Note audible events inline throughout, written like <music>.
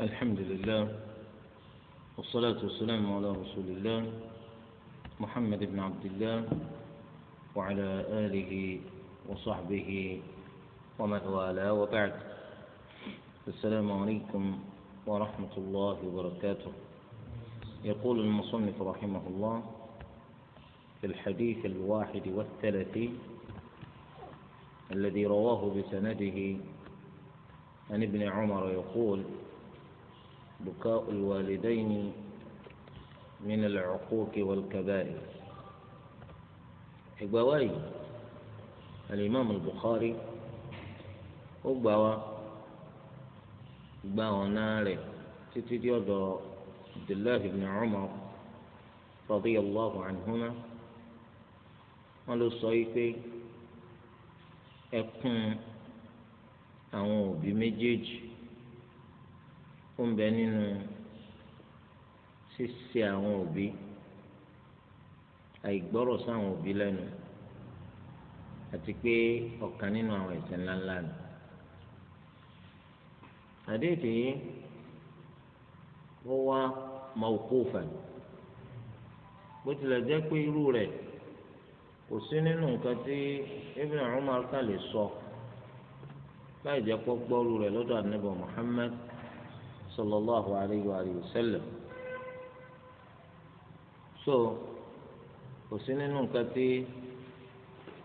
الحمد لله والصلاة والسلام على رسول الله محمد بن عبد الله وعلى آله وصحبه ومن والاه وبعد السلام عليكم ورحمة الله وبركاته يقول المصنف رحمه الله في الحديث الواحد والثلاثين الذي رواه بسنده عن ابن عمر يقول بكاء الوالدين من العقوق والكبائر إبواي الإمام البخاري أبوا باو ناري تتجد عبد الله بن عمر رضي الله عنهما قالوا الصيفي ẹkún أو òbí ó ń bẹ nínú ṣíṣe àwọn òbí àìgbọ́rọ̀ sáwọn òbí lẹ́nu àti pé ọ̀kan nínú àwọn ẹ̀ṣẹ̀ ńláńlá ni. àdéhùn yìí ó wá mawqufan bó tilẹ̀ jẹ́ pé irú rẹ̀ kò sí nínú nǹkan tí Ibn Umar ká sọ láì jẹ́ pọ́ gbọ́rú rẹ̀ lọ́dọ̀ sallallahu alayhi wa sallam so kò sí nínú nǹkan tí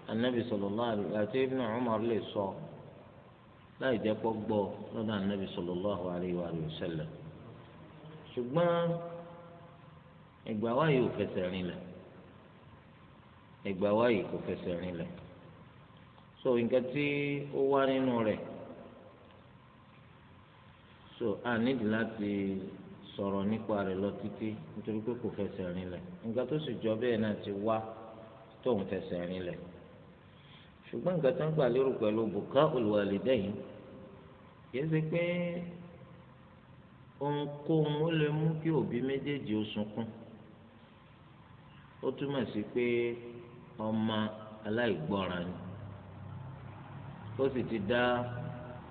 anabi sallallahu alayhi wa àti ibn umar lè sọ láì jẹ́ pọ́ gbọ́ lọ́dọ̀ anabi sallallahu alayhi wa sallam ṣùgbọ́n ìgbà wáyé ò fẹsẹ̀ rinlẹ̀ ìgbà wáyé kò fẹsẹ̀ rinlẹ̀ so nǹkan tí ó wá nínú rẹ̀. so a nídìí láti sọ̀rọ̀ nípa rẹ̀ lọ títí nítorí pé kò fẹsẹ̀ rinlẹ̀ nǹkan tó sì jọ bẹ́ẹ̀ náà ti wá tóun fẹsẹ̀ rinlẹ̀ ṣùgbọ́n nǹkan tó ń gbà lérò pẹ̀lú bùkà olùwàlídẹ́yìn kìí ṣe pé ohunkóhun ó lè mú kí òbí méjèèjì ó sunkún ó túmọ̀ sí pé ọmọ aláìgbọràn ni ó sì ti dá. Da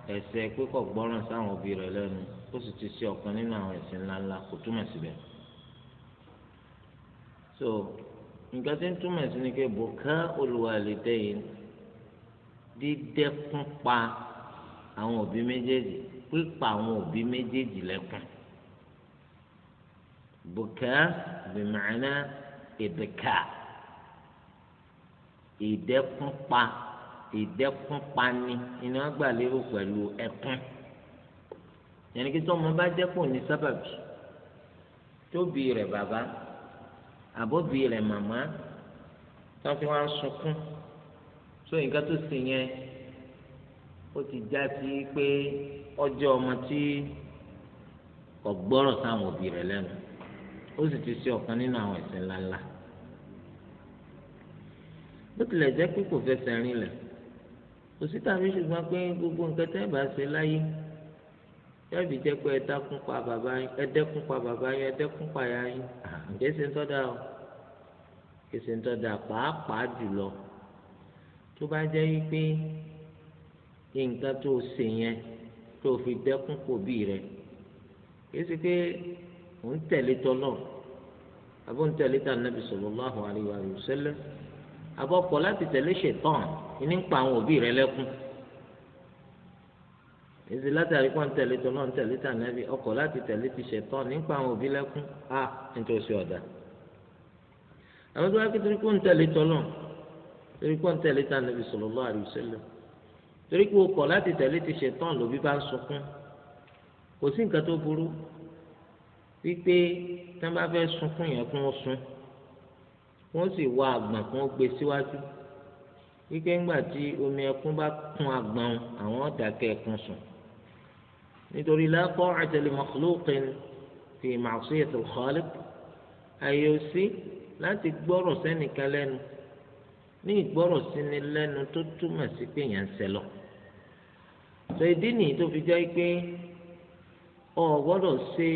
ẹ̀ṣẹ̀ pé kò gbọ́ràn sáwọn òbí rẹ̀ lẹ́nu ó sì ti ṣe ọ̀kan nínú àwọn ẹ̀ṣẹ̀ ńláńlá kò túmọ̀ síbẹ̀ so nǹkan tí ń túmọ̀ sí ni pé bùkà olùwàlídẹ́yìn dídẹ́kun pa àwọn òbí méjèèjì pípa àwọn òbí méjèèjì lẹ́kùn bùkà bìmọ̀ọ́nà ìbìkà ìdẹ́kun pa ìdẹ́kun pani ni wọ́n gbà lérò pẹ̀lú ẹ̀kún yẹn ni kí tọ́mọ bá dẹ́kun ní sábàbí tóbi rẹ̀ bàbá àbóbi rẹ̀ màmá tí wọ́n fi wá ń sunkún tó nǹkan tó sì yẹn ó ti já sí pé ọjọ́ ọmọ tí kò gbọ́rọ̀ sáwọn òbí rẹ̀ lẹ́nu ó sì ti ṣe ọ̀kan nínú àwọn ẹ̀ṣẹ̀ ńláńlá bó tilẹ̀ jẹ́ pé kò fẹsẹ̀ rinlẹ̀ kò sí tàbí ṣùgbọ́n pé gbogbo nǹkan tẹ́ ẹ bá ṣe láyé yàbí jẹ́ pé ẹ̀dẹ́kùn pa bàbá yín ẹ̀dẹ́kùn pa bàbá yín ẹ̀dẹ́kùn pa ìyá yín ǹjẹ́ ṣe ń tọ́da o kì í ṣe ń tọ́da pàápàá jùlọ tó bá jẹ́ wípé nǹkan tó ṣe yẹn tó fi dẹ́kùn kò bí rẹ̀ kì í ṣe pé òun tẹ̀lé tọ́lọ̀ àbó ń tẹ̀lé tà nàbì sallallahu alaihi wa sallam àbọ̀pọ̀ láti tẹ̀lé ṣètọ́n ìní ń pa àwọn òbí rẹ lẹ́kún èsì látàrí kó ń tẹ̀lé tó náà ń tẹ̀lé tànàbí ọkọ̀ láti tẹ̀lé ti ṣẹ̀tọ́ nípa àwọn òbí lẹ́kún á nítorí ọ̀dà àwọn tó wá kí torí kó tẹ̀lé tó náà torí kó ń tẹ̀lé tànàbí sallallahu alaihi wasallam torí kó ọkọ̀ láti tẹ̀lé ti ṣẹ̀tọ́ lòbí bá ń sunkún kò sí nǹkan tó burú wípé tí wọ́n bá fẹ́ sunkún yẹn kún ó sun wọ́n sì wá àgbà kún ó gbé síwájú wíkẹ́ ńgbà tí omi ẹkún bá kún agbọ̀n àwọn dàkẹ́ ẹkún sùn nítorí la ta'ata li makhluqin fi ma'siyati al-khaliq àyè òsì láti gbọ́rọ̀ sẹ́nìkan lẹ́nu ní ìgbọ́rọ̀ síni lẹ́nu tó túmọ̀ sí pé èèyàn ń sẹ́lọ̀ sọ ìdí nìyí tó fi jẹ́ pé o gbọ́dọ̀ ṣe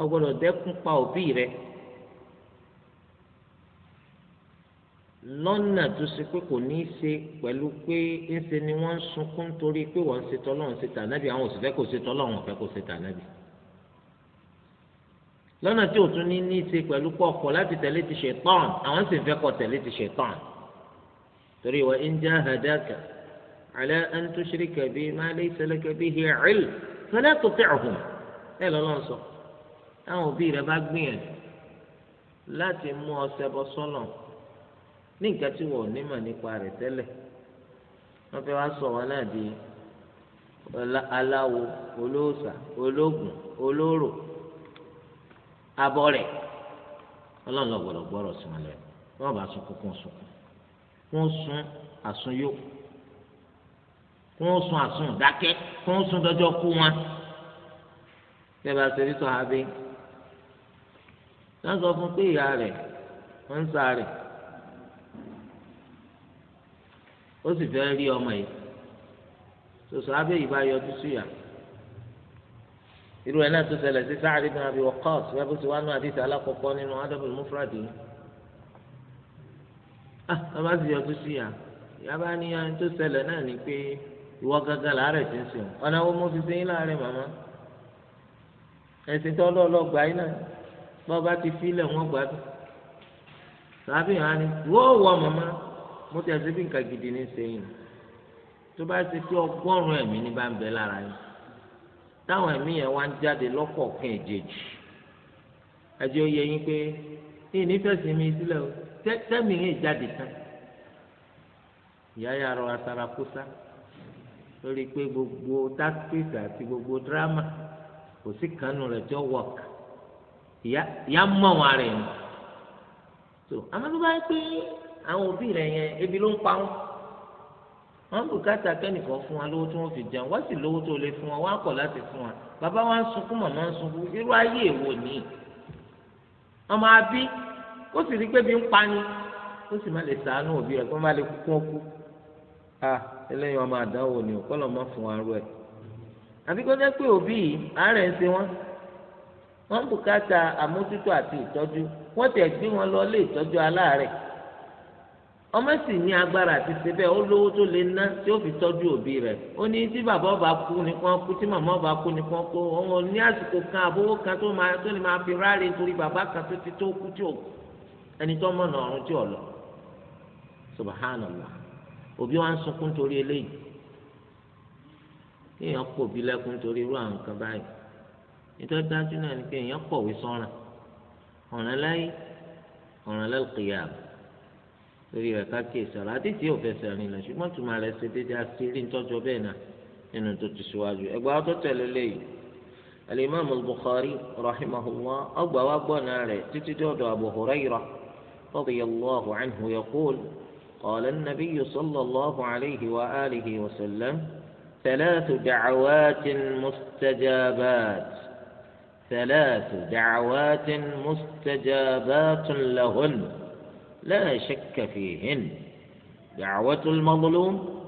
o gbọ́dọ̀ dẹ́kun pa òbí rẹ̀ lọ́nà tó ṣe pé kò ní í ṣe pẹ̀lú pé ńṣe ni wọ́n ń sunkún torí pé wọ́n ń ṣe tọ́lọ́run ṣe tànábì àwọn òṣìfẹ́ kò ṣe tọ́lọ́run ọ̀fẹ́ kò ṣe tànábì. lọ́nà tí òtún ní ní í ṣe pẹ̀lú pọ̀ ọkọ̀ láti tẹ̀lé ti ṣẹ̀tán àwọn sì ń fẹ́ kọ́ tẹ̀lé ti ṣẹ̀tán. torí wa in jahadaka ala an tushrika bi ma laysa laka bihi ilm fala tuti'hum ẹ ní nǹkan tí wọn ò ní mọ̀ nípa rẹ̀ tẹ́lẹ̀ wọ́n fẹ́ wá sọ wọn náà di aláwo olóòṣà olóògùn olóró abọ́rẹ̀ ọlọ́run lọ gbọ́dọ̀ gbọ́rọ̀ sí wọn lẹ́nu wọ́n bá sunkún kún sunkún kún sun àsunyó kún sun àsun dákẹ́ kún sun dọ́jọ́ kú wọn bẹ́ẹ̀ bá ṣe rí sọ abẹ́ wọ́n sọ fún pé ìyá rẹ̀ ń sa rẹ̀. ó sì fẹ́ rí ọmọ yìí sòsò abẹ́ yìí bá yọjú síyà irú ẹ̀ náà tó ṣẹlẹ̀ sí Sa'd ibn Abi Waqqas wẹ́n bó ti wá nú àdìsí alákọ̀ọ́kọ́ nínú adabul mufradi ah ọba sì yọjú síyà yaba ni ẹni tó ṣẹlẹ̀ náà ni pé ìwọ gángan làárẹ̀ ti ń sìn ọ̀nà wo mo fi ṣe yín láàrin màmá ẹ̀sìn tó lọ́ọ̀lọ́gba yín náà bọ́ọ̀ bá ti fílẹ̀ wọ́n gbádùn sàbíyàn á ní wọ́ọ̀ màmá mo ti àti bí nǹkan gidi ní sẹ́yìn tó bá ti pé ọgọ́rùn-ún ẹ̀mí ní bá ń bẹ lára yín táwọn ẹ̀mí yẹn wá ń jáde lọ́kọ̀ọ̀kan èjèèjì ẹjẹ́ ó yẹ yín pé yìí nífẹ̀ẹ́sì mi sílẹ̀ o tẹ́mi yẹn jáde tán ìyá yàrá atara lórí pé gbogbo tákìtì àti gbogbo dírámà kò sí kánú rẹ̀ jọ wọ̀k ìyá mọ̀ wọn rẹ̀ ni so àmọ́ tó bá yẹ pé àwọn òbí rẹ̀ yẹn ebi ló ń pa wọn wọn bùkátà kẹ́nìkan fún wa lówó tí wọ́n fi jẹun wọ́n sì lówó tó lè fún wa wọ́n á kọ̀ láti fún wa bàbá wa ń sunkún màmá ń sunkún irú ayé èwo ni ọmọ abí ó sì rí pé bí ń pa ni ó sì má lè sàánú òbí rẹ̀ kó má lè kú kún kú à eléyìí ọmọ àdánwò ni òkọ́ lọ́ọ́ má fún wa rú ẹ̀ àfi kó jẹ́ pé òbí yìí àárẹ̀ ń ṣe wọ́n wọ́n bùkátà àmójútó àti ìtọ́jú wọ́n tẹ̀ gbé wọn lọ ilé ìtọ́jú aláàárẹ̀ ọmọ sì ní agbára àti síbẹ̀ ó lówó tó lè ná tí ó fi tọ́jú òbí rẹ̀ ó ní tí bàbá ọba kú ni kàn kú tí màmá ọba kú ni kàn kú òun ní àsìkò kan àbówó kan tó máa tó lè máa fi ráre nítorí bàbá kan tó ti tó kú tí ò ẹni tó mọ̀nà ọ̀run tí ò lọ subhanallah òbí wa ń sunkún torí eléyìí kéèyàn pọ̀ bí lẹ́kún torí irú àwọn nǹkan báyìí nítorí dájú náà ni kéèyàn pọ̀wé sọ́ràn ọ̀ràn láyé ọ̀ràn lẹ́lùkìyàmù torí kíyèsí ọ̀la àti tí ká kí èsì ọ̀la àdìsí ò fẹsẹ̀ rìn lẹ̀ ṣùgbọ́n tó máa rẹ̀ ṣe déédéé àṣírí ńtọ́jọ́ bẹ́ẹ̀ náà nínú tó ti ṣíwájú ẹgbẹ́ wa tó tẹ̀lé léyìí alimami al-Bukhari rahimahullah ọgbà wa gbọ́ náà rẹ̀ títí dọ́dọ̀ Abu Hurayra radiyallahu anhu yaqul qala an-nabiy sallallahu alayhi wa alihi wa sallam ثلاث دعوات مستجابات لا شك فيهن دعوة المظلوم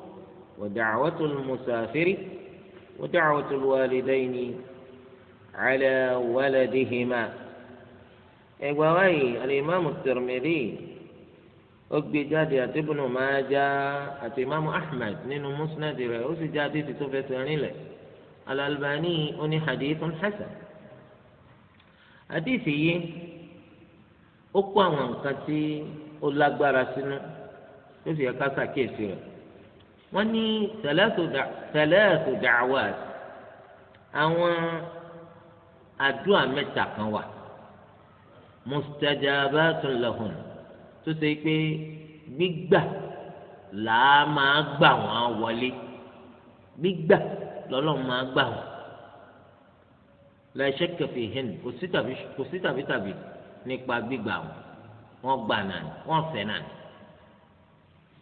ودعوة المسافر ودعوة الوالدين على ولدهما إيواي الإمام الترمذي أبي جادية ابن ماجة الإمام أحمد نين مسند رأوسي جادي تتوفي يعني الألباني أني حديث حسن حديثي أقوى من قتي ó lágbára sínú ó sì yẹ ká ṣàkíyèsí rẹ̀ wọ́n ní tẹ̀lẹ́ẹ̀tù dàwà àwọn àdúrà mẹ́ta kan wà mustajabatun lahun tó ṣe pé gbígbà làá máa gbà wọ́n wọlé gbígbà lọ́lọ́run máa gbà wọ́n la shakka fihin kò sí tàbí tàbí nípa gbígbà wọn wọ́n gbà náà ni wọ́n fẹ́ náà ni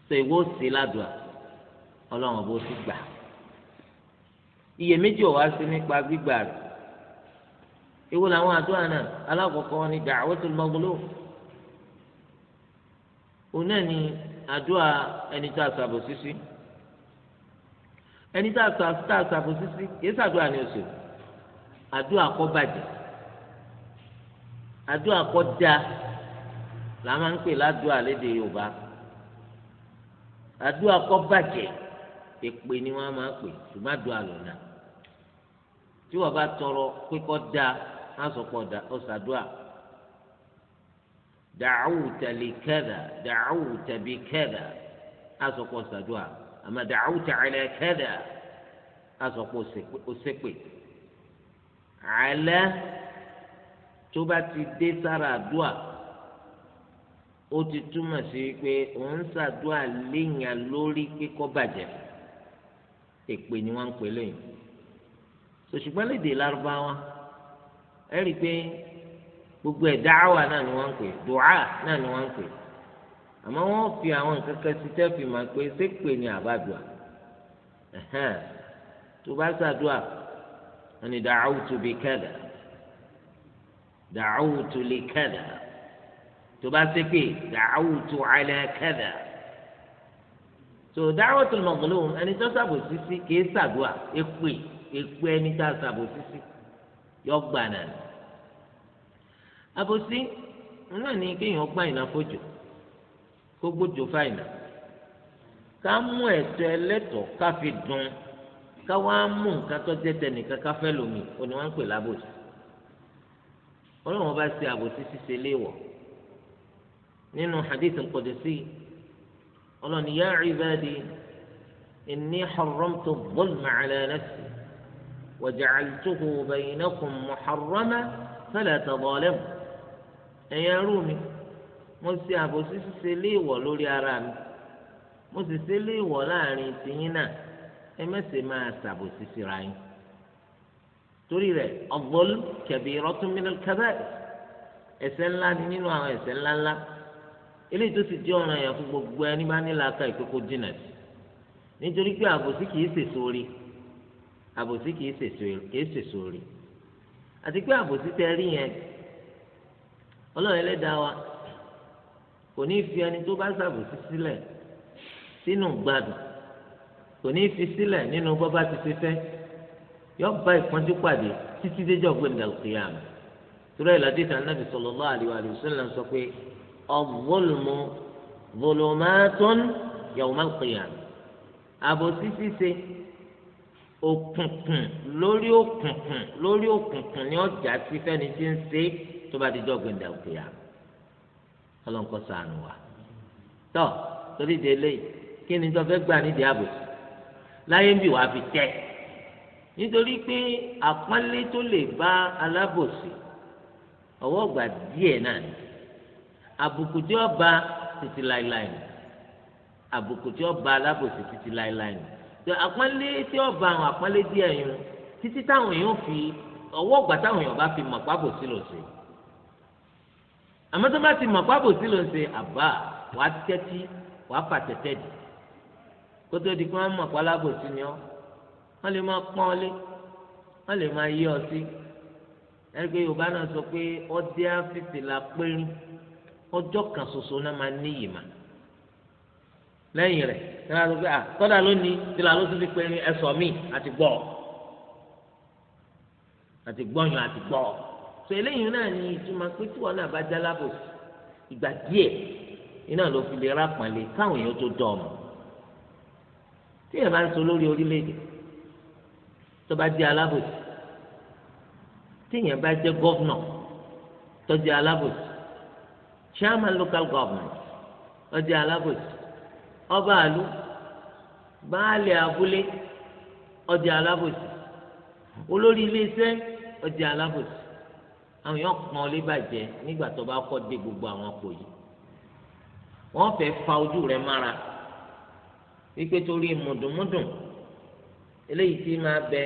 so ìwọ sí ládùá ọlọ́run bó ti gbà iyèméjì ò wá sí nípa gbígbà rẹ̀ ìwọ làwọn àdúrà náà alákọ̀ọ́kọ́ ni da'watul maghlub òun náà ni àdúrà ẹni tá a sàbò sísí ẹni tá a sísí yé sàdúrà ni oṣù àdúrà kọ́ bàjẹ́ àdúrà kọ́ dáa làá máa ń pè ládùúà lédè yorùbá àdúrà kọ́ bàjẹ́ èpè ni wọ́n máa pè ṣùgbọ́n àdúrà lọ́nà tí wọ́n bá tọrọ pé kọ́ da wọ́n sọ pé ọ̀sàdúà da'awta li kada da'awta bi kada wọ́n sọ pé ọ̀sàdúà àmọ́ da'awta ala kada wọ́n sọ pé ọ̀sẹ̀pè àlẹ́ tó bá ti dé sára àdúrà ó ti túmọ̀ sí pé òun ṣàdúrà léèyàn lórí kíkọ́ bàjẹ́ èpè ni wọ́n ń pè lẹ́yìn ṣùgbọ́n lédè lárúbáwá ẹ rí i pé gbogbo ẹ̀ dáhàwá náà ni wọ́n ń pè dùá náà ni wọ́n ń pè àmọ́ wọ́n fi àwọn nǹkan kan sí tẹ́ máa pé ṣépè ni àbádùá tó bá ṣàdúà wọ́n ní dàáwùtù bí kẹ́dà dàáwùtù lè kẹ́dà tó bá ṣe pé da'awtu so kadha tó da'watul mazlum ẹni tó ṣàbòsí sí kì í ṣàdúà èpè èpè ẹni tó ṣàbòsí sí yọ gbà nàní. àbòsí náà ni kéèyàn gbà ìná fojò kó gbójò fáìnà ká mú ẹ̀tọ́ ẹlẹ́tọ̀ọ́ ká fi dùn ká wá mú nǹkan tó jẹ́ tẹnìkan ká lómi òní wọ́n pè lábòsí ọlọ́run bá ṣe àbòsí ṣíṣe léèwọ̀ nínú hadith al-Qudsi ọlọ́ni yá ibadi inni harramtu dhulma ala nafsi wa ja'altuhu baynakum muharrama fala tadhalamu ẹ̀yin arú mi mo ṣe àbòsí ṣíṣe léèwọ̀ lórí ara mi mo sì ṣe léèwọ̀ láàrin tìyín náà ẹ mẹ́sẹ̀ máa ṣàbòsí síra yín torí rẹ̀ az-zulm kabiratun min al-kaba'ir ńlá eléyìí tó sì jẹ́ ọ̀ràn yẹn fún gbogbo ẹni bá nílò aka ìkókó jìnà sí nítorí pé àbòsí kìí sèso rí àbòsí kìí sèso rí àti pé àbòsí tẹ rí yẹn ọlọ́run ẹlẹ́dàá wa kò ní fi ẹni tó bá ṣàbòsí sílẹ̀ sínú gbádùn kò ní fi sílẹ̀ nínú bọ́bá ti fi fẹ́ yọ bá ìpọ́njú pàdé títí déjọ́ gbẹ̀ndàlùkìyàmù torí ẹ̀ lọ́dí ìtàn náà fi sallallahu alaihi wa sallam الظلم ظلمات يوم القيامة àbòsí ṣíṣe òkùnkùn lórí òkùnkùn lórí òkùnkùn ni ọjà sí fẹ́ni tí ń ṣe tó bá di dọgbìn dàgbìyà ọlọ́nkọ́ sànù wa tọ́ torí de lé kí ni tọ́fẹ́ gbà nídìí àbòsí láyé ń bì wá fi tẹ́ nítorí pé àpọ́nlé tó lè bá alábòsí ọwọ́ gbà díẹ̀ náà ni àbùkù tí ó bá títí láéláé ni àbùkù tí ó bá alábòsí títí láéláé ni tó àpọ́nlé tí ó bá àwọn àpọ́nlé díẹ̀ yun títí táwọn èèyàn fi ọwọ́ ọ̀gbà táwọn èèyàn bá fi mọ̀ pábòsí lò sí àmọ́ tó bá ti mọ̀ pábòsí lò sí àbá wàá tẹ́tí wàá fàtẹ́tẹ́ dì kótó di kí wọ́n mọ̀ pálábòsí ni ọ́ wọ́n lè máa pọ́n ọ wọ́n lè máa yí ọ sí ẹgbẹ́ yorùbá náà sọ pé ọdẹ afífìlà péré ọjọ́ kan ṣoṣo náà máa ní ìyìmà lẹ́yìn rẹ̀ ní wàá sọ pé àtọ́dà lónìí tí la ló tún fi pẹ́ẹ́rín ẹ̀sọ́ mi àti gbọ́ àti gbọ́yàn àti gbọ́ so eléyìí náà ni ìtumọ̀ pé tí wọn náà bá já lábòsí ìgbà díẹ̀ iná ló fi lè rápọ̀nlé káwọn èèyàn tó dọ̀ ọ̀mọ̀ tí èèyàn bá ń sọ lórí orílẹ̀-èdè tó bá jẹ́ alábòsí tí èèyàn bá jẹ́ gọ́vnọ̀ tó jẹ́ alábòsí chairman local government ọjà alábòsí ọba àlú baálé abúlé ọjà alábòsí olórí iléeṣẹ́ ọjà alábòsí àwọn èèyàn kan ọ lè bàjẹ́ nígbà tó bá kọ́ dé gbogbo àwọn àpò yìí wọ́n fẹ́ fa ojú rẹ̀ mára wípé torí mùdùnmùdùn eléyìí tí máa bẹ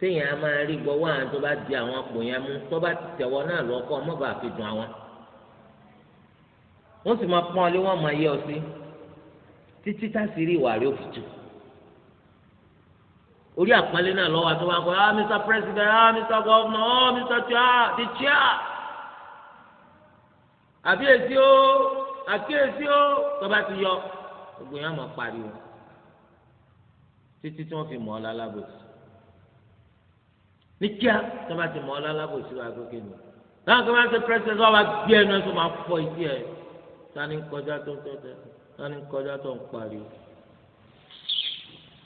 téèyàn á máa rí gbọ́wọ́ àwọn tó bá di àwọn àpò yẹn mú tó bá tẹ̀wọ́ náà lọ́kọ́ ọmọ bá àwọn wọ́n sì máa pọ́n ọlé wọ́n máa yẹ ọ sí títí tásìrí ìwà rẹ̀ òfìtú orí àpọ́nlé náà lọ́wọ́ àti wọn kọ́ ah mr president ah mr governor oh ah, mr chair the chair àbíyèsí o àkíyèsí o tọ́ba ti yọ gbogbo yẹn á máa pariwo títí tí wọ́n fi mọ̀ ọ́ lálábòsí ní kíá tọ́ba ti mọ̀ ọ́ lálábòsí wa gbogbo ènìyàn náà kí wọ́n á ṣe president wọ́n wá gbé ẹnu ẹ̀ tó máa fọ ìdí ẹ̀ tani kọjá tó tọ́tẹ́ tani kọjá tó ń pariwo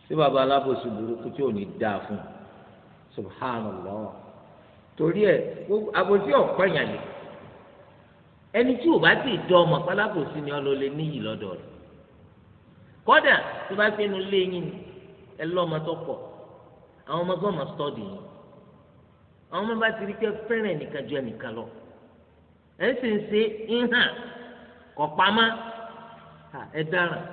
tí baba alábòsí burúkú tí ò ní dáa fún subhanallah torí ẹ àbòsí ọ̀pọ̀ yàn lè ẹni tí ò bá ti dọ ọmọ pálábòsí ni ọlọ́lẹ̀ níyì lọ́dọ̀ rẹ̀ kódà tó bá fẹ́ nu léyìn ẹ lọ́mọ tó pọ̀ àwọn ọmọ gbọ́mọ sọ́ọ̀dì yìí àwọn ọmọ bá ti rí pé fẹ́rẹ̀ nìkan ju ẹnìkan lọ ẹ ń ṣe ń hàn kọ pamá ẹ dáràn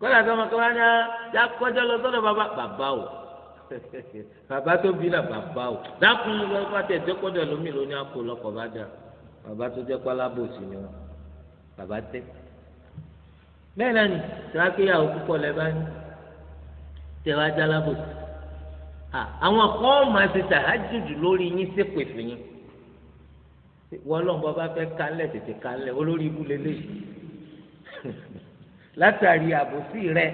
kọ́lá tó ma kọ́lá yá ah, yá kọjá lọ sọ́dọ̀ bàbá bàbá o <laughs> bàbá tó bí la bàbá o dákun lọ́pàá tẹ̀ tó kọjá lómi lóní àpò lọ́kọ̀ bá dà bàbá tó jẹ́ pálábòsì ni wọn bàbá tẹ́ bẹ́ẹ̀ náà ni tìrákéyàwó púpọ̀ lẹ́ bá ní tẹ̀wá jálábòsì àwọn kọ́ ọ́ máa ṣe tàhájùdù lórí yín ṣépè fún yín wọ́n lọ́n bọ́ bá fẹ́ kálẹ̀ tètè kálẹ̀ olórí ibú lélẹ̀ <laughs> látàrí àbòsí rẹ̀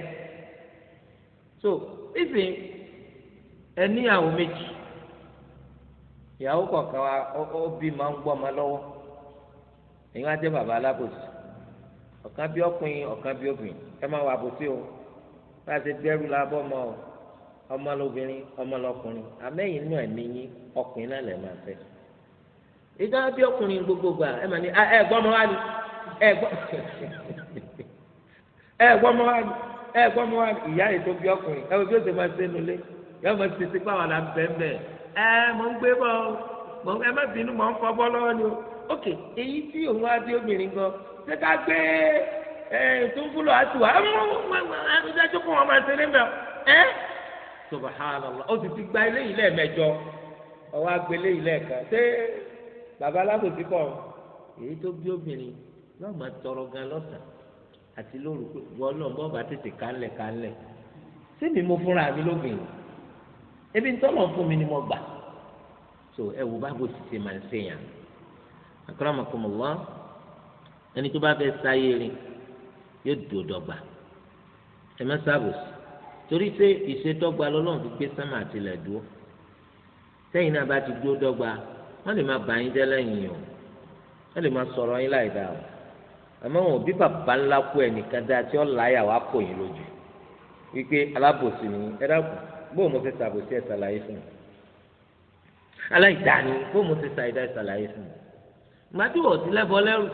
so nísìnyí ẹ níyàwó méjì ìyàwó kọ̀ọ̀kan wa ó bí máa ń gbọ́ ọmọ lọ́wọ́ èyí wá jẹ́ bàbá alábòsí ọ̀kan bí ọkùnrin ọ̀kan bí obìnrin ẹ máa wà àbòsí o bá a ti dẹ́rù lábọ́ ọmọ ọmọ lóbìnrin ọmọ lọkùnrin àmẹ́yìn náà níyìn ọkùnrin náà lè máa fẹ́ ìjà bí ọkùnrin gbogbo gbà ẹ mà ní ẹ gbọ́ ọmọ wa ni ẹ gbọ́ <laughs> ẹ wa ni ẹ wa ni ìyá bí ọkùnrin ẹ bí máa ṣe nulẹ̀ yọ ọmọ ti ti pa wà láti bẹ́ẹ̀ mbẹ ẹ mọ̀ ń gbé bọ́ mọ̀ ẹ má bínú mọ̀ ń fọ́ bọ́ ni o ok èyí tí òun wá obìnrin gan ṣé ká gbé ẹ tó ń àti wà ẹ dájú kó wọn bàbá alábòsí kọ èyí tó bí obìnrin yóò máa tọrọ gan lọ́sàn àti lóru pé wọ́n náà bọ́ bá tètè kánlẹ̀ kánlẹ̀ síbi mo fúnra mi lóbìnrin ebi ń tọ́lọ̀ fún mi ni mo gbà so ẹ wò bá bó ti ṣe máa ń ṣèyàn akramakumullah ẹni tó bá fẹ́ sáyé rí yóò dòdọ̀gba ẹ má sábòsí torí pé ìṣèdọ́gba lọ́lọ́run fi gbé sámà àtìlẹ̀ dúró sẹ́yìn náà bá ti dúró dọ́gba wọ́n lè máa bà yín jẹ́ lẹ́yìn o wọ́n lè máa sọ̀rọ̀ yín láì dáa o àmọ́ wọn òbí bàbá ńlá kú ẹnìkan dáa tí ó láyà wá kò yín lójú wípé alábòsí ni ẹ dákun bó mo ti ṣàbòsí ẹ ṣàlàyé fún mi aláìdáni bó mo ti ṣàìdá ẹ ṣàlàyé fún mi gbàdúrà ọtí lẹbọ lẹrù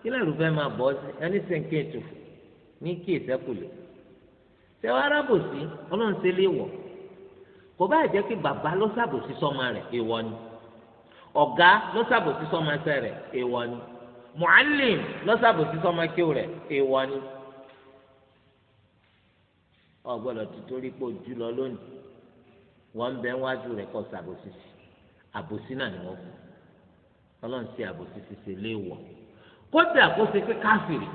kí lẹrù fẹ́ máa bọ sí ẹni sẹńkì ètùfù ní kí ìsẹkùlẹ tẹwàá arábòsí Ọlọ́run ṣe lè wọ kò bá jẹ́ kí bàbá lọ ṣàbòsí sọ́mọ rẹ̀ èèwọ̀ ni ọ̀gá ló ṣàbòsí sọ́mọ ẹsẹ̀ rẹ̀ èèwọ̀ ni mu'allim ló ṣàbòsí sọ́mọ ẹkẹ́ rẹ̀ èèwọ̀ ni. o gbọ́dọ̀ ti torí pé ojú lọ lónìí wọ́n bẹ wájú rẹ̀ kọ́ ṣàbòsí sí àbòsí náà ni wọ́n fún ọlọ́run ṣe àbòsí ṣiṣẹ́ léèwọ̀ kódà kó ṣe pé káfìrì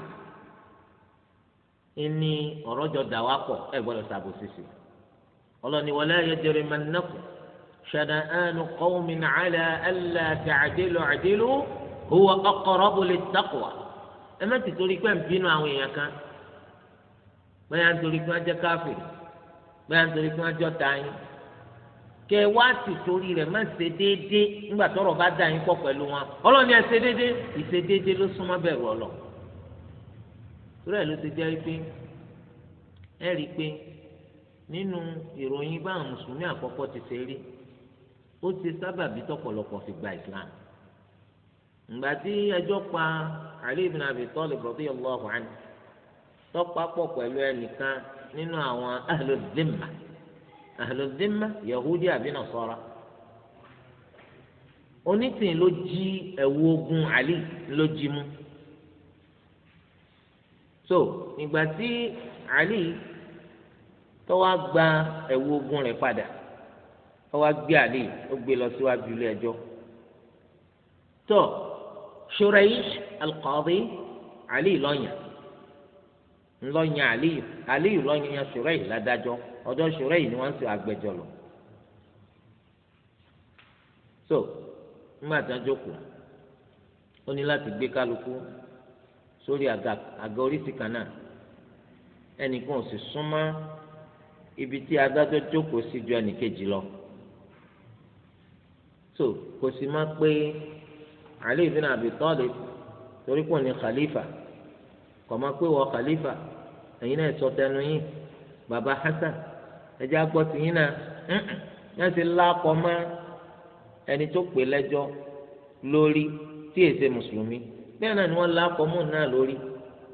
ẹni ọ̀rọ̀ jọ dà wá pọ̀ ẹ gbọ́dọ̀ ṣàbòsí sí ọlọ́ni wala yajrimannakum شنآن قوم على ألا تعدلوا اعدلوا هو أقرب للتقوى أما أنت تقولي كم بينو أوين ما ينتظر كم أجا كافر ما ينتظر كم أجا تاني kẹ wá sì torí rẹ má ṣe déédéé nígbà tọ́rọ̀ bá ọlọ ó ti sábàbí tọ́pọ̀lọpọ̀ fi gba islam ìgbà tí ẹjọ́ pa Ali ibn Abi Talib radiyallahu anhu tọ́pápọ̀ pẹ̀lú ẹnìkan nínú àwọn ahlu dhimma ahlu dhimma yahudi àbí nasara onítìyìn ló jí ẹ̀wù ogun Ali ló jí mú so ìgbà tí Ali tó gba ẹ̀wù ogun rẹ̀ padà ọwọ́ gbé àlè ó gbé lọ síwájú ilé ẹjọ́ tó Shuraish al-Qadi àlè lọ́yà ńlọ́yà àlè àlè lọ́yà Shuraish ládájọ́ ọjọ́ Shuraish ni wọ́n ń sọ àgbẹ̀jọ́ lọ so nígbà tí wọ́n jókòó ó ní láti gbé kálukú sórí àga oríṣi kan náà ẹnìkan ò sì súnmọ́ ibi tí adájọ́ jókòó sí ju ẹnìkejì lọ. so kò sì má pé Ali ibn Abi Talib torí kò ní khalifa kò má pé wọ khalifa ẹ̀yin náà sọ tẹnu yín baba Hasan ẹjẹ agbọ́ sí yín náà yẹn ti lákọ mọ́ ẹni tó pè lẹ́jọ́ lórí tí èsè mùsùlùmí bẹ́ẹ̀ náà ni wọ́n lákọ mọ́ náà lórí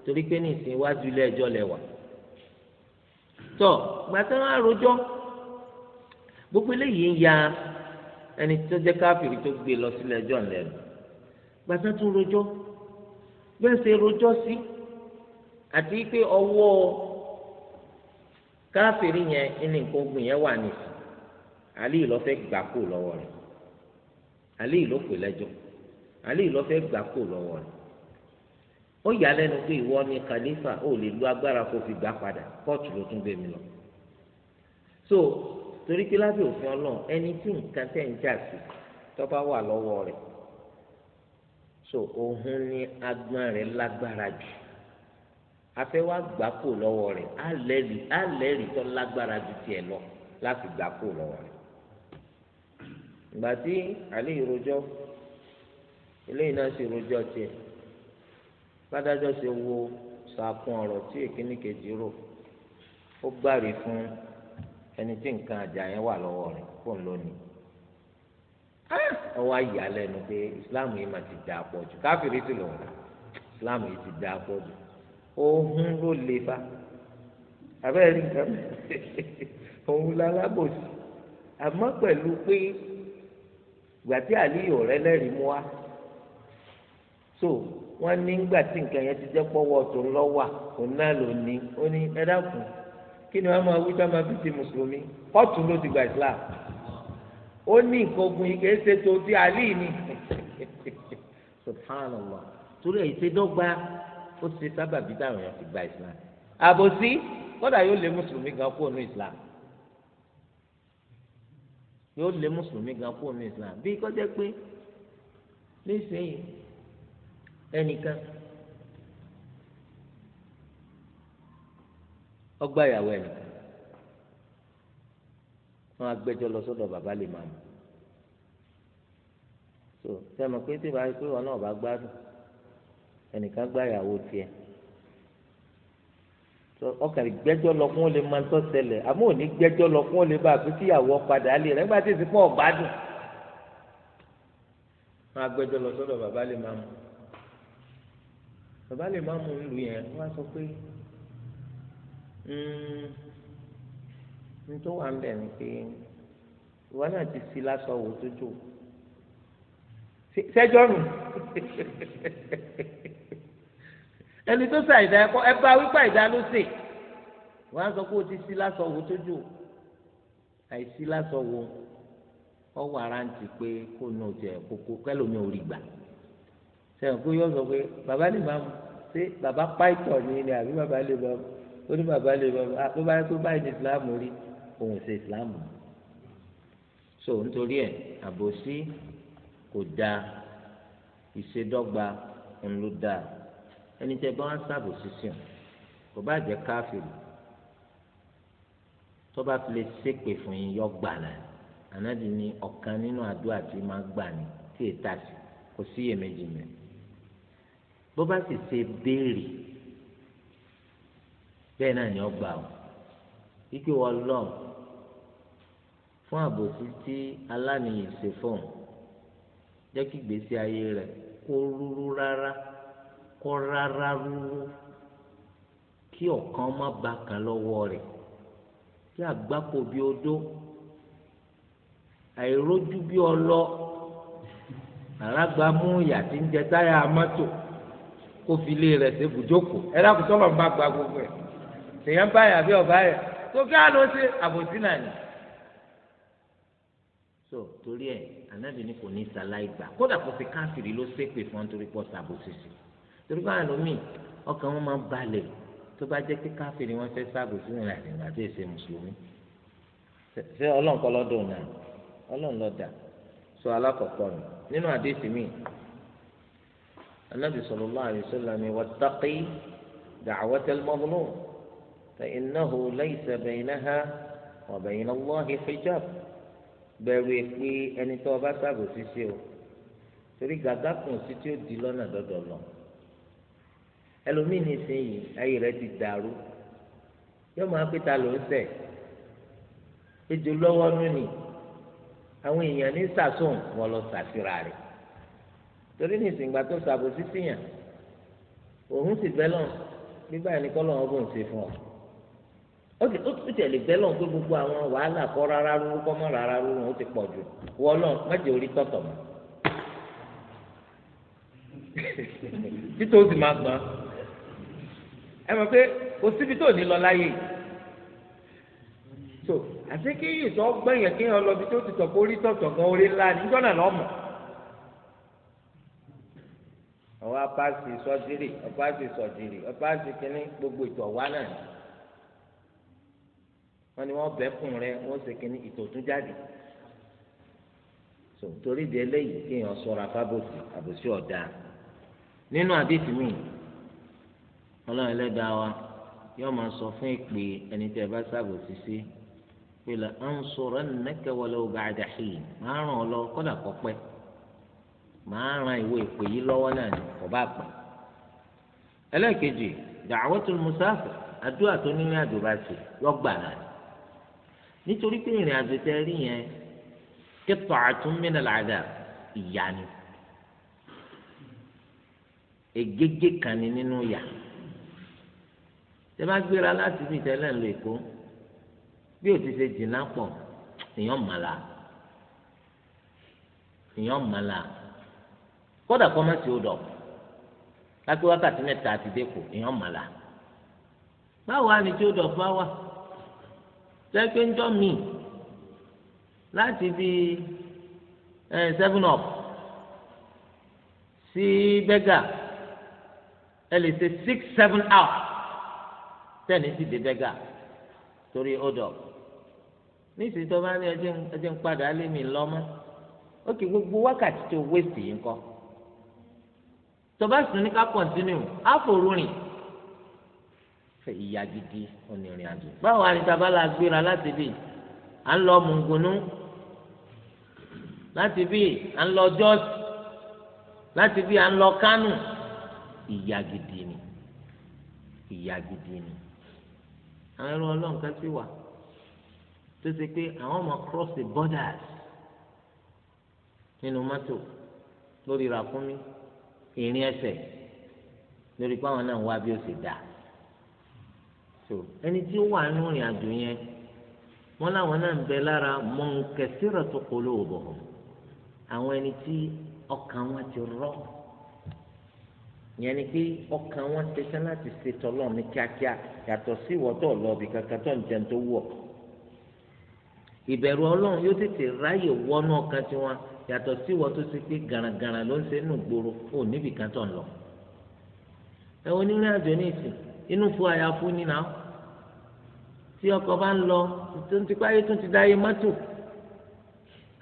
torí pé ní iwájú ilé ẹjọ́ lẹ́wà tọ́ gbàtẹ́ wọn ya ẹni tó jẹ́ káfíìrì tó gbé lọ sílẹ̀ ẹjọ́ ńlẹ́nu gbàtà tó rojọ́ bẹ́ẹ̀ ṣe rojọ́ sí àti pé ọwọ́ káfíìrì yẹn ní nǹkan ogun yẹn wà nìyí àlíì ló fẹ́ gbà kó lọ́wọ́ rẹ̀ àlíì ló pè lẹ́jọ́ àlíì ló fẹ́ gbà kó lọ́wọ́ rẹ̀ ó yà lẹ́nu pé ìwọ ni kàlífà ò lè lu agbára kó fi gbà padà kóòtù ló tún gbé mi lọ so torí pé lábẹ́ òfin ọlọ́run ẹni tí nǹkan tẹ̀ ń jà sí tó wà lọ́wọ́ rẹ̀ so òun ni agbọ́n rẹ̀ lágbára jù afẹ́ wa gbà kó lọ́wọ́ rẹ̀ alẹ́rì tó lágbára ju tiẹ̀ lọ láti gbà kó lọ́wọ́ rẹ̀ ìgbà tí àlẹ́ ìrojọ́ eléyìí náà sì rojọ́ tiẹ̀ bádájọ́ ṣe wo sàkún ọ̀rọ̀ tí èkíní kejì rò ó gbàrí fún ẹni tí nǹkan àjà yẹn wà lọ́wọ́ rẹ̀ fóun lónìí ọwọ́ ayà lẹ́nu pé islam yìí mà ti dà pọ̀ jù káfíìrì sì lòun islam yìí ti dà pọ̀ jù ohun ló le fa abẹ́rẹ́ nǹkan òun <laughs> lálábòsí àmọ́ pẹ̀lú pé ìgbà tí àlíyò rẹ̀ lẹ́rìí mú wa so wọ́n ní ìgbà tí nǹkan yẹn ti jẹ́ pọ́wọ́ tó ń lọ́wà òun náà ló ní ó ní ẹ dákun kí ni wọ́n máa wí tí wọ́n máa fi ti mùsùlùmí kọ́ọ̀tù ló ti gba islam ó ní nǹkan ogun yìí kìí ṣe tó ti àlì ni <laughs> subhanallah torí ìṣèdọ́gba ó ti sábà bí táwọn èèyàn ti gba islam àbòsí kódà yóò lé mùsùlùmí gan kúrò ní islam yóò lé mùsùlùmí gan kúrò ní islam bí kọjá pé nísìnyí ẹnìkan. ọgbà ìyàwó ẹ̀ nìkan wọn agbẹjọ́ lọ sọ́dọ̀ bàbá lè máa mú so sẹmọ pé tí ìbáyé pé wọn náà bá gbádùn ẹnìkan gbá ìyàwó tiẹ̀ so ọkàn ìgbẹ́jọ́ lọ fún olè máa ń tọ́sẹ̀lẹ̀ àmọ́ òní gbẹ́jọ́ lọ fún olè bá àbí kíyàwó padà lè rẹ nígbà tí èsì pọ̀ gbádùn wọn agbẹjọ́ lọ sọ́dọ̀ bàbá lè máa mú bàbá lè máa mú ìlú yẹn wọn sọ pé. Hmm. nítorí wà ń bẹ̀ ni pé ìwọ náà ti si lásọ wò tójú nù <laughs> ẹni tó sà ìdá ẹ̀kọ́ ẹ bá ìdá ló sè á sọ pé o ti si wò tójú àìsí wò ọwọ́ ara ń ti pé kó jẹ kókó kẹlòmí ò rí gbà sẹ́yìn kó yọ sọ pé bàbá lè máa ni ni ó ní bàbá lè bàbá bó ah, bá yẹ kó báyìí ní ìsìláàmù rí òun ṣe ìsìláàmù so nítorí ẹ àbòsí kò dáa ìṣedọ́gba ń ló dáa ẹni tẹ bá ń ṣàbòsí sí ọ kò bá jẹ káfíìrì tó bá fi lè ṣépè fún yín yọ gbà náà ànádi ni ọ̀kan nínú àdúrà tí máa gbà ní tí èta sí kò síyèméjì mẹ bó bá sì ṣe béèrè. bẹ́ẹ̀ náà ni ọgbà o ike wọ lọ fún àbòsí tí aláníyàn ṣe fún jẹ́ kí gbèsè ayé rẹ̀ kó rúrú rárá kó rárá rúrú kí ọ̀kan má ba kan lọ́wọ́ rẹ̀ kí àgbákò bí odó àìrójú bí ọlọ àràgbà mú ìyà tí ń jẹ táyà mọ́tò kó fi lé rẹ̀ ṣe bùjókòó ẹ lèyàn báyà àbí ọba yẹ tó kí á lọ sí àbòsí náà ni. so torí ẹ anábì ni kò ní sáláì gbà kódà kò sí káfíìrì ló ṣépè fún torí pọ̀ sàbòsí sí torí báyà lómi ọkàn wọn máa balẹ̀ tó bá jẹ́ pé káfíìrì wọn fẹ́ sàbòsí náà nígbà tó ṣe mùsùlùmí ṣé ọlọ́run lọ́dọ̀ náà ọlọ́run lọ́dà sọ alákọ̀ọ́kọ́ nù nínú àdéhùn mi anábì sallallahu alaihi wasallam wattaqi da'watal mazlum فإنه ليس بينها وبين الله حجاب bẹ̀rù èpè ẹni tó ọba sábò ṣíṣe o torí gàgà kùn sí tí ó di lọ́nà dọ́dọ̀ lọ ẹlòmíì nísìnyìí ayé rẹ ti dàrú yóò máa pé ta ló ń ṣẹ̀ ejò lọ́wọ́ núni àwọn èèyàn ní sàsùn wọn lọ sàfira rẹ̀ torí nísìnyìí tó sàbò ṣíṣe yàn òun sì bẹ́ lọ bí ni kọ́ lọ́wọ́ bò ń ṣe fún ọ ó ti ó ti tẹ̀lé bẹ́ẹ̀ lọ́n pé gbogbo àwọn wàhálà kọ́ rárá rúrú kọ́ mọ́ rárá rúrú ó ti pọ̀ jù wọ́n náà mẹ́jẹ orí tọ̀tọ̀ mọ́ <laughs> títí ó sì máa gbọ́n ẹ mọ̀ pé kò síbi tó ní lọ láyé so àti kí ìtọ́ gbẹ̀yìn kí wọ́n lọ bí tó ti tọ̀ kó rí tọ̀tọ̀ gan orí ńlá ní jọ́nà lọ́mọ̀ ọwọ́ apá sí sọ́jírì ọpá sí sọ́jírì ọpá sí kínní gbogbo ìtọ̀ wá náà wọ́n ní wọ́n bẹ́kùn rẹ wọ́n ṣe kí ni ìtòtún jáde so torí di eléyìí kéèyàn ṣọ́ra fábòsì àbòsí ọ̀dà nínú àdìsí mi ọlọ́run ẹlẹ́dàá wa yóò máa sọ fún ìpè ẹni tẹ́ ẹ bá ṣàbòsí sí pé la ansurannaka walau ba'da hin máa ràn ọ́ lọ kọ́dà kọ́ pẹ́ máa ràn ìwé ìpè yìí lọ́wọ́ náà ní kò bá ẹlẹ́ẹ̀kejì da'watul musafir àdúrà tó nílé àdúrà sí nítorí pé ìrìn àjò tẹ rí yẹn kẹtọ àtúnmínà làdà ìyá ni egége kan ni nínú yà tẹ bá gbéra láti fi tẹ́lẹ̀ ń lo èkó bí o ti ṣe jìnnà pọ̀ èèyàn mọ̀la èèyàn mọ̀la kódà kọ́ má lápẹ́ wákàtí mẹ́ta àti dẹ́kọ̀ èèyàn mọ̀la báwo á ní tí odò bá wà. tẹ́gbẹ́ ńjọ́ mi láti bí seven up sí bẹ́gà ẹ lè ṣe six seven up tẹ́ni sì dé bẹ́gà torí ọ̀dọ̀ nísìsiyìí tó bá ní ẹjẹ́ ń padà á lé mi lọ́mọ́ ó kì í gbogbo wákàtí tó wéṣì tó bá ní ká fẹ ìyá gidi onírìn àjò báwo àrìntàbá la gbéra láti bì à ń lọ mùngúnú láti bì à ń lọ jọ́ọ̀sì láti bì à ń lọ kánù ìyá gidi ni ìyá gidi ni àwọn ẹrú ọlọ́run kan sì wà tó ṣe pé àwọn ọmọ cross the borders nínú mọ́tò lórí ràkúnmí ìrìn ẹsẹ̀ lórí pé àwọn náà wá bí ó ṣe dáa. ẹni tí ó wà nínú ìrìn àjò yẹn wọn láwọn náà ń bẹ lára àwọn ẹni tí ọkàn wọn ti rọ yẹn ni pé ọkàn wọn ṣetán láti ṣètò Ọlọ́run ní kíákíá yàtọ̀ sí ìwọ́tọ̀ kankan tó ń jẹun tó wù yóò tètè ráyè wọnú ọkàn tiwọn yàtọ̀ sí ìwọ pé ló ń ṣe nù gbòòrò ò kan tó ń lọ ẹ onírìn ní ìsìn inú tí ọkọ̀ bá ń lọ tó ń tipa ayé tó ti da ayé mọ́tò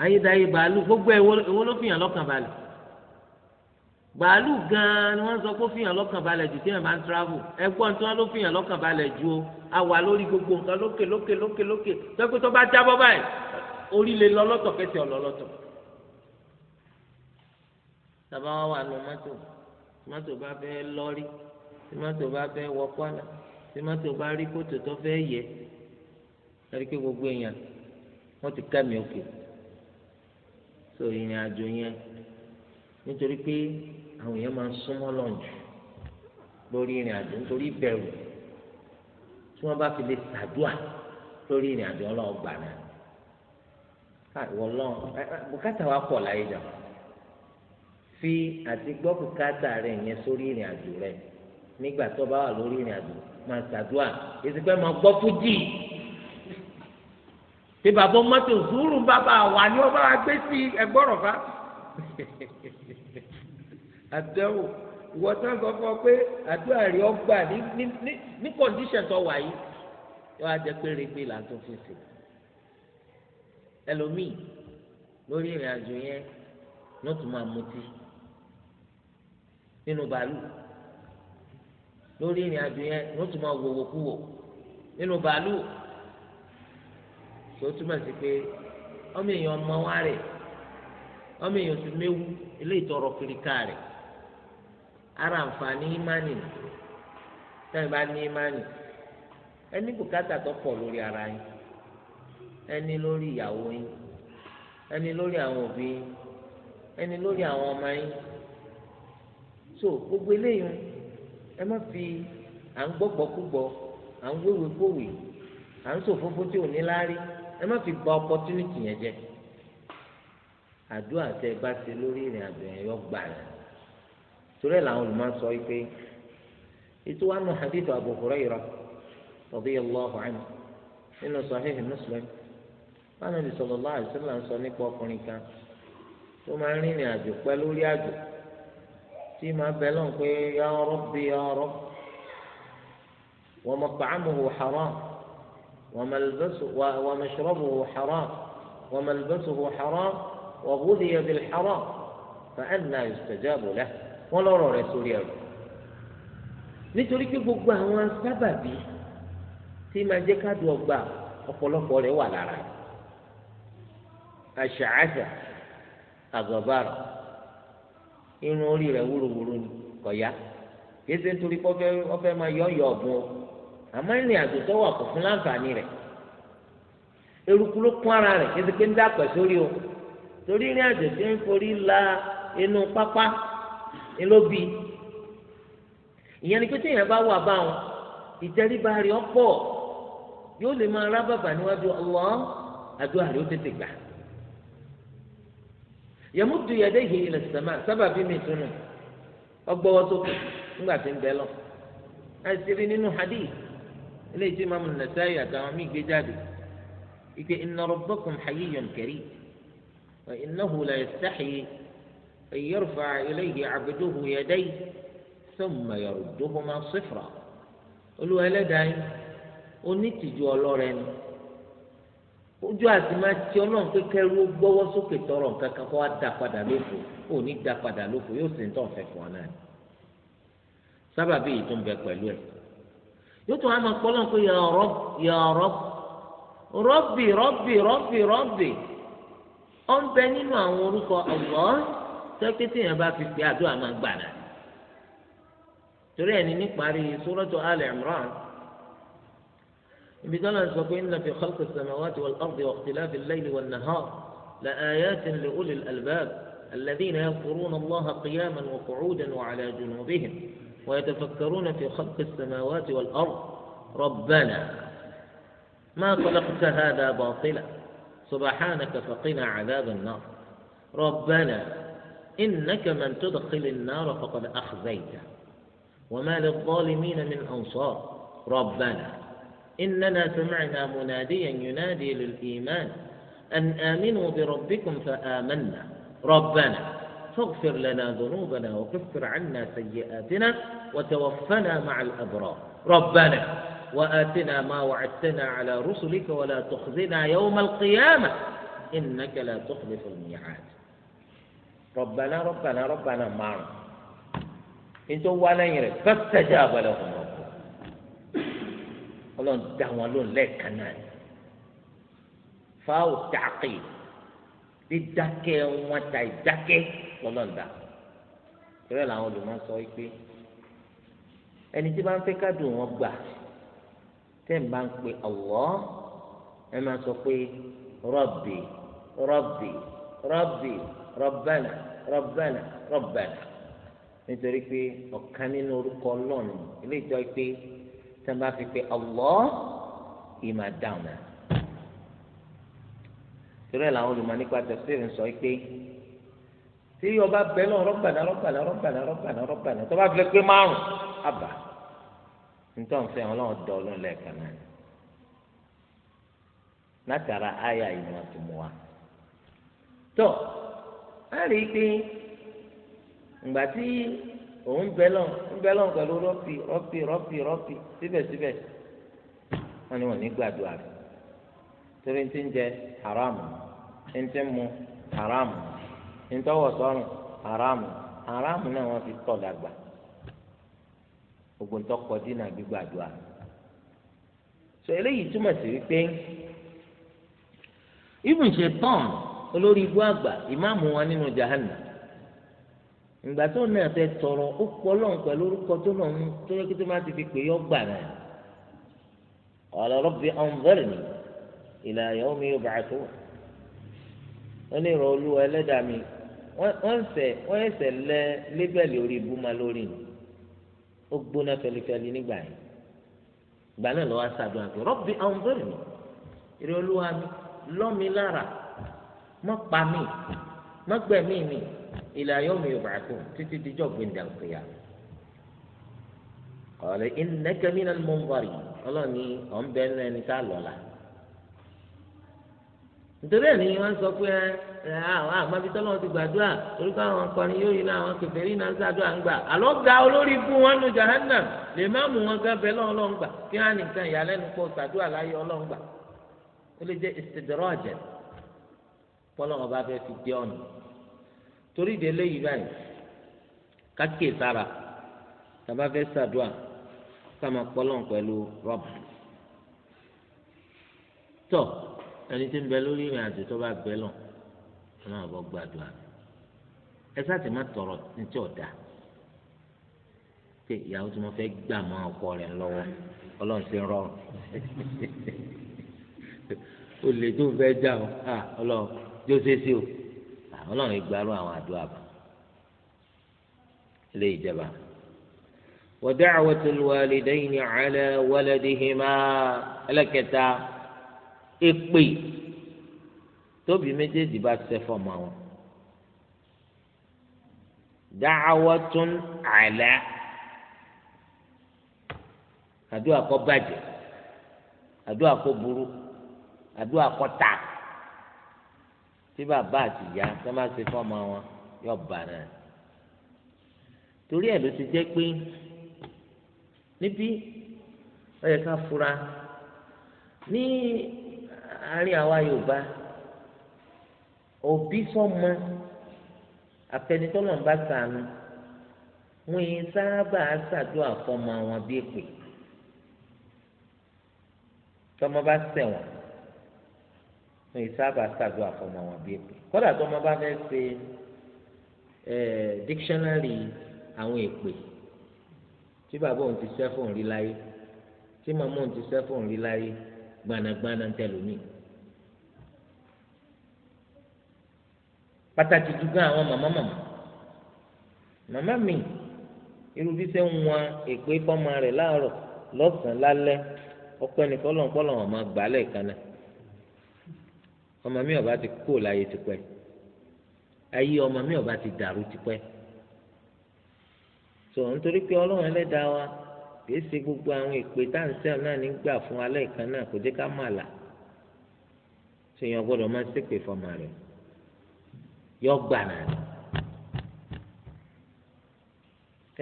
ayé da ayé bàálù gbogbo ẹ̀ wo ló fìyàn lọ́kàn balẹ̀ bàálù gan-an ni wọ́n sọ pé ó fìyàn lọ́kàn balẹ̀ jù tí yẹn bá ń travel ẹgbọ́n tí wọ́n ló fìyàn lọ́kàn balẹ̀ jù o a wà lórí gbogbo nǹkan lókè lókè lókè lókè pẹ́pẹ́ tó bá jábọ́ báyìí orí lè lọ lọ́tọ̀ kẹsì ọ̀lọ́ lọ́tọ̀ tàbá wà wà lọ mọ́tò mọ́tò bá fẹ́ lọ́rí mọ́tò bá fẹ́ wọ kọ́nà tí mọ́tò bá rí kótó tó fẹ́ yẹ lórí gbogbo èèyàn wọ́n ti ká mi òkè so ìrìn àjò yẹn nítorí pé àwọn èèyàn máa ń súnmọ́ lọ́njù lórí ìrìn àjò nítorí ìbẹ̀rù tí wọ́n bá fi lè ṣàdúà lórí ìrìn àjò ọlọ́run gbà náà wọlọ́n bùkátà wa pọ̀ láyé jà fi àti gbọ́ bùkátà rẹ̀ yẹn sórí ìrìn àjò rẹ̀ nígbà tó bá wà lórí ìrìn àjò máa ṣàdúrà èsì pé máa gbọ́ fújì bí bàbá mọ́tò sùúrù bàbá wà ní ọba àgbẹ̀ sí ẹgbọ́rọ̀ fa àdéhùn ìwọ tán sọ fún ọ pé àdúrà rí ọ gbà ní kọ́ndíṣẹ̀ tó wà yìí yóò á jẹ pé rẹgbẹ là ń tún fi sè ẹlòmíì lórí ìrìn àjò yẹn ní ó tún máa mutí nínú bàálù. lórí ìrìn àjò yẹn ni wọ́n tún máa wò wò nínú bàálù tó túmọ̀ sí pé ọmọ èèyàn ọmọ wa rẹ̀ ọmọ èèyàn sì méwu ilé ìtọrọ kiriká rẹ̀ ara àǹfààní ìmánì táyì bá ní ìmánì ẹni bùkátà tó pọ̀ lórí ara yín ẹni lórí ìyàwó yín ẹni lórí àwọn òbí yín so gbogbo eléyìí ẹ má fi à ń gbọ́ gbọ́kúgbọ́ à ń wéwèé kówè à ń ṣòfófó tí ò ní láárí ẹ fi gba opportunity yẹn jẹ àdúrà tẹ bá ṣe lórí ìrìn àjò yẹn yọ gbà yẹn torí ẹ làwọn sọ yìí pé ètò wa nù hadith Abu Hurairah radiyallahu anhu nínú Sahih Muslim wọn Ànábì sallallahu sọ nípa ọkùnrin kan tó máa ń rìnrìn àjò pẹ́ tí màá bẹ lọ́n pé ya Rabbi ya Rabbi wa mat'amuhu haram wa malbasuhu wa mashrabuhu haram wa malbasuhu haram wa ghudhiya bil haram fa anna yustajabu lahu wọ́n lọ́rọ̀ rẹ̀ sórí ẹ̀rọ nítorí pé gbogbo àwọn sábàbí tí máa jẹ́ ká dùn ọgbà ọ̀pọ̀lọpọ̀ rẹ̀ wà lára àṣà àṣà àgọ̀bàrà. irun orí rẹ̀ wúrowúro ni kò ya. yéésẹ nítorí pé ọfẹ ọfẹ máa yọ ọyọ ọbụ. o àmọ́ ìrìn àjò tó wà kò fún láǹfààní rẹ eruku ló kún ara rẹ̀ yéésẹ pé ń sórí o torí ìrìn àjò ń forí la inú pápá ńlọbi ìyẹn ni pé tí èèyàn bá wà báwọn ìtẹríba ọ yóò lè máa yẹmúdu yẹdẹ yìí lè sẹmà sábàbí mi tunu ọgbọwọ sókè ńgbà tí ń bẹ lọ àṣírí nínú hadith eléyìí tí mamu Nasa'i àtàwọn míì gbé jáde ike inna rabbakum hayyun karim wa innahu la yastahyi an yarfa'a ilayhi 'abduhu yadayhi thumma yarudduhuma sifra olúwa ẹlẹ́dàá yìí onítìjú ọlọ́rẹ́ ni ojú àti máa ti ọlọ́run pé kẹrú gbọ́wọ́ sókè tọrọ nǹkan kan kó wá dá padà lófo ò ní dá padà lófo yóò sì ń tàn fẹ́ fún ọ náà ni sábàbí yìí tó bẹ pẹ̀lú ẹ̀ yóò tún wá máa kọ́ lọ́n pé ya Rabb ya Rabb Rabbi Rabbi Rabbi Rabbi ọ ń bẹ nínú àwọn orúkọ Allah tẹ́kítì yẹn bá fi pé àdúrà máa gbà náà torí ẹni níparí Suratu Al Imran. ibi tó lọ́n sọ pé inna fi khalqi samawati wal ardi wa ikhtilafi الذين يذكرون الله قياما وقعودا وعلى جنوبهم ويتفكرون في خلق السماوات والأرض ربنا ما خلقت هذا باطلا سبحانك فقنا عذاب النار ربنا إنك من تدخل النار فقد أخزيته وما للظالمين من أنصار ربنا إننا سمعنا مناديا ينادي للإيمان أن آمنوا بربكم فآمنا ربنا فاغفر لنا ذنوبنا وكفر عنا سيئاتنا وتوفنا مع الأبرار ربنا وآتنا ما وعدتنا على رسلك ولا تخزنا يوم القيامة إنك لا تخلف الميعاد ربنا ربنا ربنا معنا إن ولا فاستجاب لهم ربنا ọlọ́run dá wọn lóhùn lẹ́ẹ̀kan náà ni fáwọ tààkì dídákẹ́ wọn ta ìdákẹ́ lọ́lọ́run dá ìrẹ́ làwọn olùmọ̀ sọ pé ẹni tí bá ń fẹ́ kádùn wọn gbà tẹ́ ń bá ń pe Allah ẹ máa sọ pé Rabbi Rabbi Rabbi Rabbana Rabbana Rabbana nítorí pé ọ̀kan nínú orúkọ ọlọ́run ilé ìjọ pé tí wọn bá fi pé Allah ìmà dáhùn náà torí ẹ̀ làwọn olùmọ̀ nípa tẹ̀síìrì ń sọ pé tí ọba bẹ́ẹ̀ náà rọ́bàdà rọ́bàdà rọ́bàdà rọ́bàdà rọ́bàdà tó bá fi pé márùn àbà nítorí wọn fẹ́ wọn lọ́wọ́ dọ̀ ọlọ́run lẹ́ẹ̀kan náà látara àyà yìí wọn ti mú wa tó a rí pé ìgbà òun bẹlọ ń bẹlọ pẹ̀lú rọpì rọpì rọpì rọpì síbẹ̀síbẹ̀ wọn ni wọn ní gbàdúrà rẹ torí ti ń jẹ haramu ń ti mu haramu ń tọwọ sọrùn haramu haramu náà wọn fi tọ dàgbà dínà gbígbàdúrà so eléyìí túmọ̀ sí ìgbà tó náà fẹ́ tọrọ ó pọ̀ lọ́hùn pẹ̀lú orúkọ tó náà ń tó yẹ kí tó má ti fi pè é ọgbà náà qala rabbi anzirni ila yawmi yub'athun wọ́n ní ìrọ̀ olúwa ẹlẹ́dàá mi wọ́n ṣẹ̀ wọ́n ẹ̀ṣẹ̀ lẹ lébẹ̀lì orí ibùmá lórí ni ó gbóná fẹlifẹli nígbà yẹn ìgbà náà lọ́wọ́ aṣáájú àti rabbi anzirni ìrọ̀ olúwa mi lọ́ mi lára mọ́ pa mi mọ́ gbẹ̀mí mi. mi ila yawmi yub'athun títí dijọ́ gbẹ̀ndàkìyà ọ̀rẹ́ innaka minal munzarin ọlọ́ọ̀ni ọ̀nbẹ́nu ẹni tá a lọ́la nítorí ẹni wọ́n sọ pé àwọn àmọ́bitọ́ lọ́wọ́ ti gbàdúrà orúkọ àwọn akọrin yóò rí náà àwọn kẹfẹ́rí náà ń sàdúrà ń gbà àlọ́ ga olórí ikú wọn nu jahannam lè má mú wọn gán bẹ́ẹ̀ lọ́wọ́ lọ́wọ́ gbà kí wọ́n nìkan ìyàlẹ́nu pọ̀ torí ìdí eléyìí báyìí kákìí sára tàbá fẹ́ ṣàdúà ká máa pọ́ lọ́n pẹ̀lú rọ́bà tọ́ ẹni tí ń bẹ lórí ìrìn àjò tó bá bẹ lọ ọlọ́run àbọ̀ gbàdúrà ẹ sáàtì má tọrọ ní ọ̀dà pé ìyàwó tí mo fẹ́ gbà mọ́ ọkọ rẹ̀ lọ́wọ́ ọlọ́run ṣe rọrùn <laughs> olè tó fẹ́ já ọ ah, ọlọ́run yóò ṣe sí o ọlọ́run ìgbàlú àwọn àdúrà bá ilé ìjẹba. ودعوة الوالدين على ولدهما ẹlẹ́kẹta èpè tóbi méjèèjì bá ṣe fọ́mọ wọn da'awatun ala àdúrà kó bàjẹ́ àdúrà kó burú àdúrà kó tà tí bàbá àti ìyá tó bá ṣe fọmọ wọn yóò bà náà torí ẹ̀ ló ti jẹ́ pé níbí ó yẹ ká fura ní àárín àwa Yorùbá òbí sọmọ àfẹnitọ́lọ̀ ń sànù wọn yìí sábà ṣàdúrà fọmọ àwọn bí èpè tọmọ bá ṣẹ̀wọ̀n wọn yìí sábà ṣàdúrà fọmọ wọn bí èpè kódà tó ọmọ bá fẹ́ ṣe dictionary àwọn èpè tí bàbá òun ti ṣẹ́ fóun rí láyé tí màmá òun ti ṣẹ́ fóun rí láyé gbanagbana ń tẹlómi. pàtàkì dùgbọ́n àwọn màmá màmá màmá mi irú bí sẹ́ ń wọn èpè fọ́mọ rẹ̀ láàárọ̀ lọ́sàn-án lálẹ́ ọpẹ́ nìkan lọ́npọ́lọ́ wọn máa gbà á náà. ọmọ mi ọba ti kó láyé tipẹ́ ayé ọmọ mi ọba ti dàrú tipẹ́ tó nítorí pé ọlọ́run ẹlẹ́dàá wa kìí ṣe gbogbo àwọn ìpè táǹsẹ̀ náà nígbà fún alẹ́ kan náà kò jẹ́ ká má là ṣèyàn gbọ́dọ̀ máa ṣépè fọmọ yọ gbà náà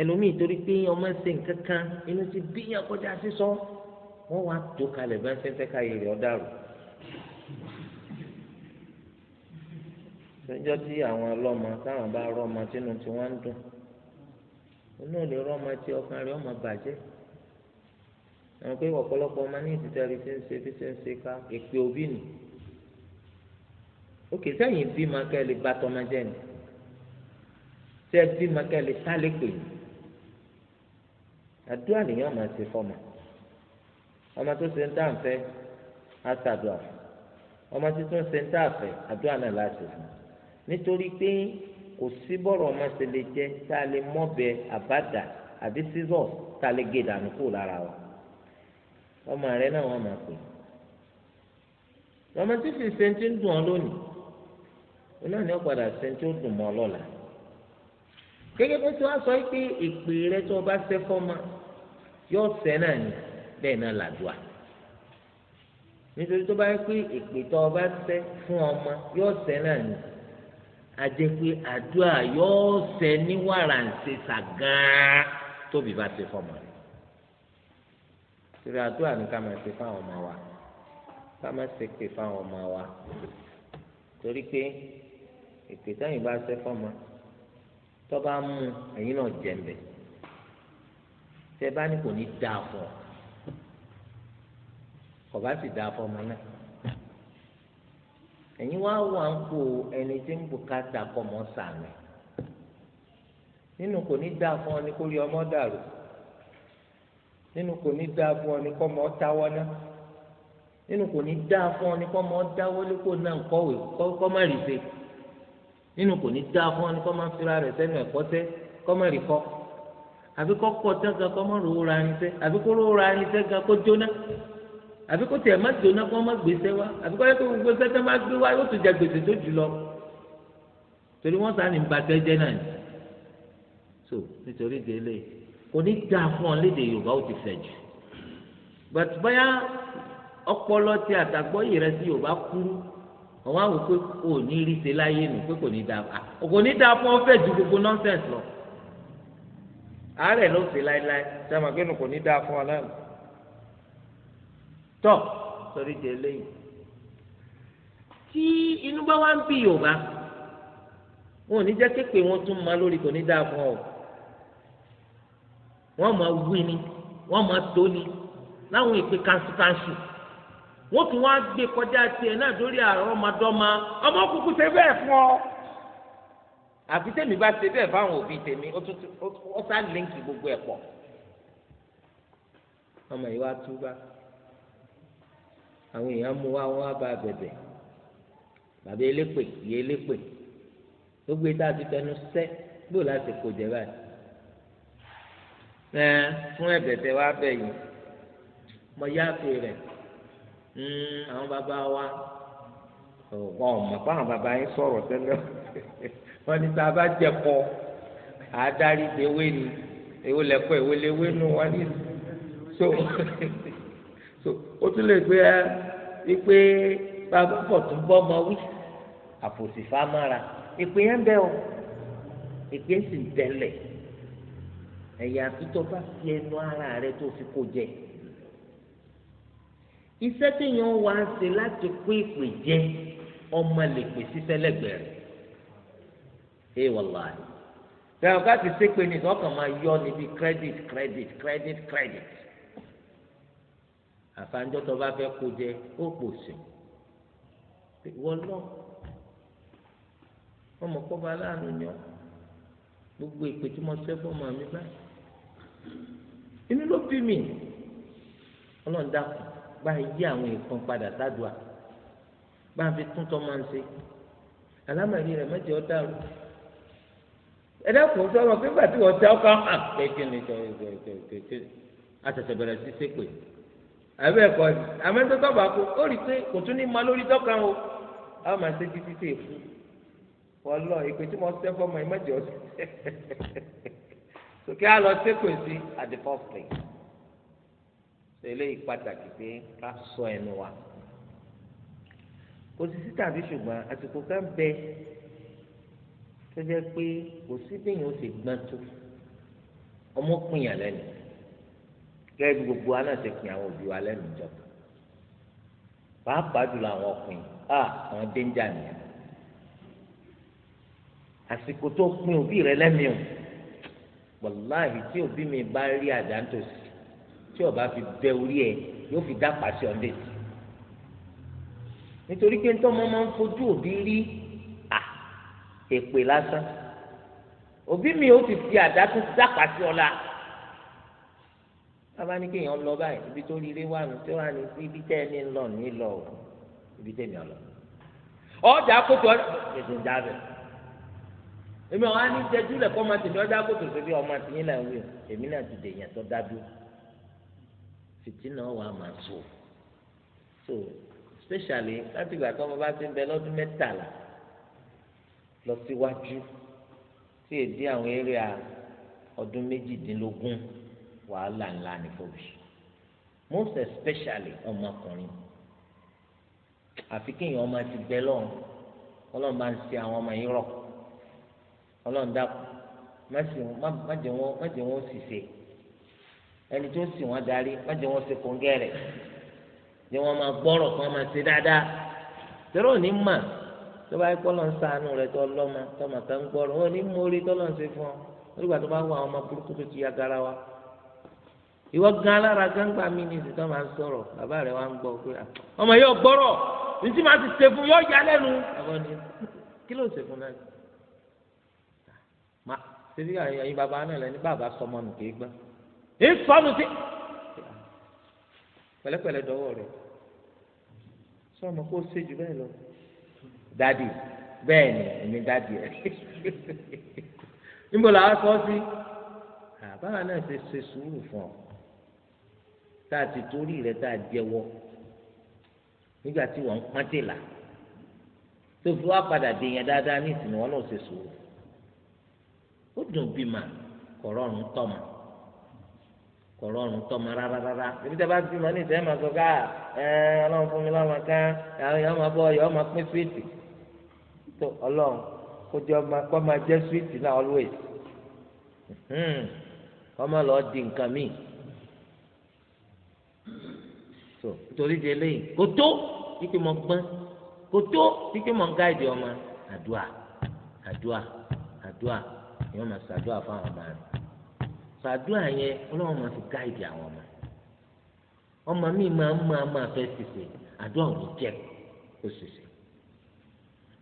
ẹlòmíì torí pé ọmọ ṣe nǹkan kan inú ti kọjá wọn wá tó kalẹ̀ bá ń fẹ́ ká yẹ ọ́ dàrú. sọjọ́ tí àwọn ọlọ́mọ táwọn bá rọ́mọ tínú tí wọ́n ń dùn inú ò lè rọ́mọ tí ọkàn rẹ̀ ọmọ bàjẹ́ àwọn pé ọ̀pọ̀lọpọ̀ ọmọ ní ìtìtẹ́ rí ti ń ṣe bí ṣe ń ṣe ká èpè òbí nì òkè sẹ́yìn bí makẹ́lì bá tọmọ jẹ́ ni tẹ́ bí makẹ́lì sálẹ̀ pè ní àdúrà nìyẹn ọmọ ti fọmọ ọmọ tó ṣe ń tà ń fẹ́ á ṣàdúrà ọmọ tuntun ṣe ń tà àdúrà náà láti fún un nítorí pé kò sí bọ́rọ̀ ọmọ ṣe lè jẹ́ tá a lè mọ́bẹ àbádà àbí sísọ tá a lè gé dànù kúrò lára wa ọmọ rẹ náà wọn máa pè é ọmọ tí fi ṣe ti ń dùn ọ lónìí wọn náà ní ọ padà ó dùn mọ́ ọ lọ́la gẹ́gẹ́ bó ti sọ pé ìpè rẹ tó o bá ṣe fọ́mọ yóò ṣẹ náà ni bẹ́ẹ̀ náà làdùà nítorí tó bá yẹ pé ìpè tó o bá ṣe fún ọmọ yóò ṣẹ náà ni ajẹ́ pé àdúrà yóò ṣẹ ní wàràǹṣe ṣàgán tóbi bá ṣe fọmọ rẹ̀ torí àdúrà ní ká máa ṣe fáwọn ọmọ wa ká máa ṣe pè fáwọn ọmọ wa torí pé èpè táyìn bá ṣe fọmọ tó bá mú ẹ̀yin náà jẹ̀mbẹ tẹ bá ní kò ní dáa fún ọ kò bá sì dáa fún ọmọ náà. ẹ̀yin wá wà ń kó ẹni tí ń bùkátà kọ́ mọ́ sàmì nínú kò ní dáa fún ọ ní kó rí ọmọ dàrú nínú kò ní dáa fún ọ ní kọ́ mọ́ táwọ́ náà nínú kò ní dáa fún ọ ní kọ́ mọ́ dáwọ́ lé náà kọ́wé kọ́ má rí nínú kò ní ra àbí kó ra ga kó àbí kó tiẹ̀ má dòná kó má gbèsè wá àbí kó yẹ kó gbèsè tó má gbé wá yóò tún jẹ gbèsè tó jù lọ torí wọn sàn ní bàtẹ jẹ náà so nítorí délé kò ní dá fún ọ léde Yorùbá ó ti fẹ̀ jù bàtú báyà ọpọlọ tí àtàgbọ yìí rẹ sí Yorùbá kúrú àwọn àwọn pé kò ní rí ṣe láyé nù pé kò ní dá ah, kò ní dá fún ọ fẹ̀ ju gbogbo nọ́ńsẹ̀nsì lọ àárẹ̀ ló ṣe láéláé sàmàgbẹ́nu kò ní dá fún ọ náà tọ́ sórí de eléyìí tí inú bá wá ń bí yorùbá wọn ò ní jẹ́ kéèpé wọn tún máa lórí kò ní dáa fún ọ wọn máa wí ni wọn máa tó ni láwọn ìpè kanṣukanṣu wọn tún wá gbé kọjá tiẹ̀ náà lórí àrọ́mọdọ́mọ ọmọ kúkú ṣe bẹ́ẹ̀ fún ọ àfi tèmi bá ṣe bẹ́ẹ̀ fáwọn òbí tèmi ó sá líǹkì gbogbo ẹ̀ pọ̀ ọmọ yìí wá túbà àwọn èèyàn mú wá wọn á bá bẹ̀bẹ̀ bàbá elépè ìyá elépè gbogbo ìta ti tẹnu sẹ bó láti kó jẹ báyìí ẹ fún ẹ̀bẹ̀ tẹ wá bẹ yìí mo yáàpè rẹ hmm, àwọn bàbá wa wọn ò mọ̀ pé bàbá yín sọ̀rọ̀ tẹ́lẹ̀ <laughs> wọn ní tá a bá jẹ kọ àádárí ewé ni ewé lẹkọ ewé lewé nu wọn ní so. <laughs> so o tún lè gbé ẹ eh, wípé bàbá pọ̀ tó bọ́ ọmọ wí àfòsífà mára ìpè yẹn bẹ́ o ìpè sì ń tẹ̀lẹ̀ ẹ̀yà bá fi ẹnu ara rẹ tó fi kó jẹ iṣẹ́ téèyàn wá ń láti kó ìpè jẹ ọmọ lè pè síṣẹ́ ọ ní máa yọ níbi credit credit credit credit. credit àfàǹjọ tó bá fẹ́ kó jẹ ó pò sùn wọn lọ ọmọ kọba aláàánú yọ gbogbo ìpè tí mo ṣe fún ọmọ mi báyìí inú ló bí mi ọlọ́run dákun bá yí àwọn nǹkan padà sádùá bá fi tún tọ́ máa ń ṣe alámàlí rẹ̀ mẹ́jọ ó dàrú ẹ̀dẹ́kùn sọ̀rọ̀ pé bàtí wọ́n ti ọkọ̀ hàn kékeré kékeré kékeré àtẹ̀tẹ̀ bẹ̀rẹ̀ sí ṣépè àbẹ ẹkọ ni amẹtọtọ bá kó ó rí i pé kò tún ní ma lórí dọkan o a máa ṣe títí tè fún wọn lọ ìpè tí mo ṣe fọmọ ẹ mẹjọ sí sókè á lọ sékò sí at the first place eléyìí pàtàkì pé ká sọ ẹnu wa kò sí sí tàbí ṣùgbọ́n àsìkò ká bẹ tó jẹ́ pé kò sí bẹ́yìn ó sì gbọ́n tó ọmọ pìyàn lẹ́nu gẹ́gẹ́ bí gbogbo wa náà ṣe pin àwọn òbí wa lẹ́nu ìjọba pàápàá jùlọ àwọn ọkùnrin a àwọn dénjà nìyẹn àsìkò tó pin òbí rẹ lẹ́mìí o wàláhì tí òbí mi bá rí àdántòsí tí ọba fi bẹ orí ẹ yóò fi dá pàṣẹ ọ̀ndẹ̀ sí nítorí pé ntọ́ máa ń fojú òbí rí à èpè lásán òbí mi ó ti fi àdá tó dá pàṣẹ ọ̀la bàbá ní kéèyàn lọ báyìí ibi tó rí ilé wà nù tí wàá ní ibi tẹ́ ẹni lọ ní lọ o ibi tẹ́ mi lọ. ọjà kótó ètò ìjà bẹ̀. èmi àwọn àní jẹjú lẹ̀ kọ́ máa tèmi ọjà kótó sí bí ọmọ àtìyìn là ń wí o èmi náà ti dèèyàn tó dájú. fìtínà wà máa sọ so especially láti ìgbà tó ọmọ bá ti ń bẹ lọ́dún mẹ́tàlá lọ síwájú tí èdè àwọn eré ọdún méjìdínlógún. Si wàhálà ńlá ní fòbí most especially ọmọkùnrin àfi kéèyàn ọmọ ti bẹ lọ́run ọlọ́run bá ń ṣe àwọn ọmọ yìí rọ̀ ọlọ́run dákú má jẹ́ wọ́n sì ṣe ẹni tó sì wọ́n darí má jẹ́ wọ́n ṣe kóńgẹ́ rẹ̀ jẹ́ wọ́n máa gbọ́rọ̀ kí wọ́n máa ṣe dáadáa tẹ́rọ ní mà tó bá yẹ kọ́ lọ́n sànù rẹ̀ tó lọ́mọ tó màkà ń gbọ́rọ̀ ó ní mórí tó lọ́n ṣe fún ọ nígbà tó bá wọ àwọn ọmọ burúkú tó ti ya gara wa ìwọ gan alára gángbà mi ní ìsìtọ́ máa ń sọ̀rọ̀ bàbá rẹ̀ wá ń gbọ́ pé ah, ọmọ yóò gbọ́rọ̀ ní tí màá ti ṣe fún yóò yá lẹ́nu. àwọn ni kí ló ṣe fún náà. Ah, má ṣebí àyìn bàbá náà lẹni bàbá sọmọ nù kì í gbá. ní sọnù sí. pẹ̀lẹ́pẹ̀lẹ́ dọ́wọ́ rẹ̀ sọmọ kó ṣe jù bẹ́ẹ̀ lọ. dadi bẹ́ẹ̀ ni èmi dadi ẹ <laughs> níbo làá sọ sí. bàbá náà ti ṣe sùúrù fún ọ tá a ti torí rẹ̀ tá a jẹ́wọ́ nígbà tí wọ́n ń pọ́ntì là tó fi wá padà dé yẹn dáadáa ní ìsìn wọn lọ ṣe sòwò ó dùn bí mà kọ̀rọ̀ọ̀rùn tọ̀mà kọ̀rọ̀ọ̀rùn tọ̀mà rárárárá ebi tẹ́ bá bí mà ní ìsìn ẹ̀ máa sọ ká ah, ẹ ọlọ́run fún mi lọ́mọ ká ẹ ọmọ bọ́ ọ ọmọ pín síìtì tó ọlọ́run kó jẹ́ ọmọ kó máa jẹ́ síìtì náà always hmm, kó má lọ́ọ́ di nǹkan míì so nítorí di eléyìí kò tó kíkẹ́ mọ gbọ́n kò tó kíkẹ́ mọ gáàdì ọmọ àdúà àdúà àdúà ni wọ́n máa ṣàdúà fáwọn ọmọ rẹ̀ ṣàdúà yẹn ọlọ́run máa fi gáàdì àwọn ọmọ ọmọ mi máa ń máa máa fẹ́ ṣìṣe àdúà ò ní jẹ́ kó ṣìṣe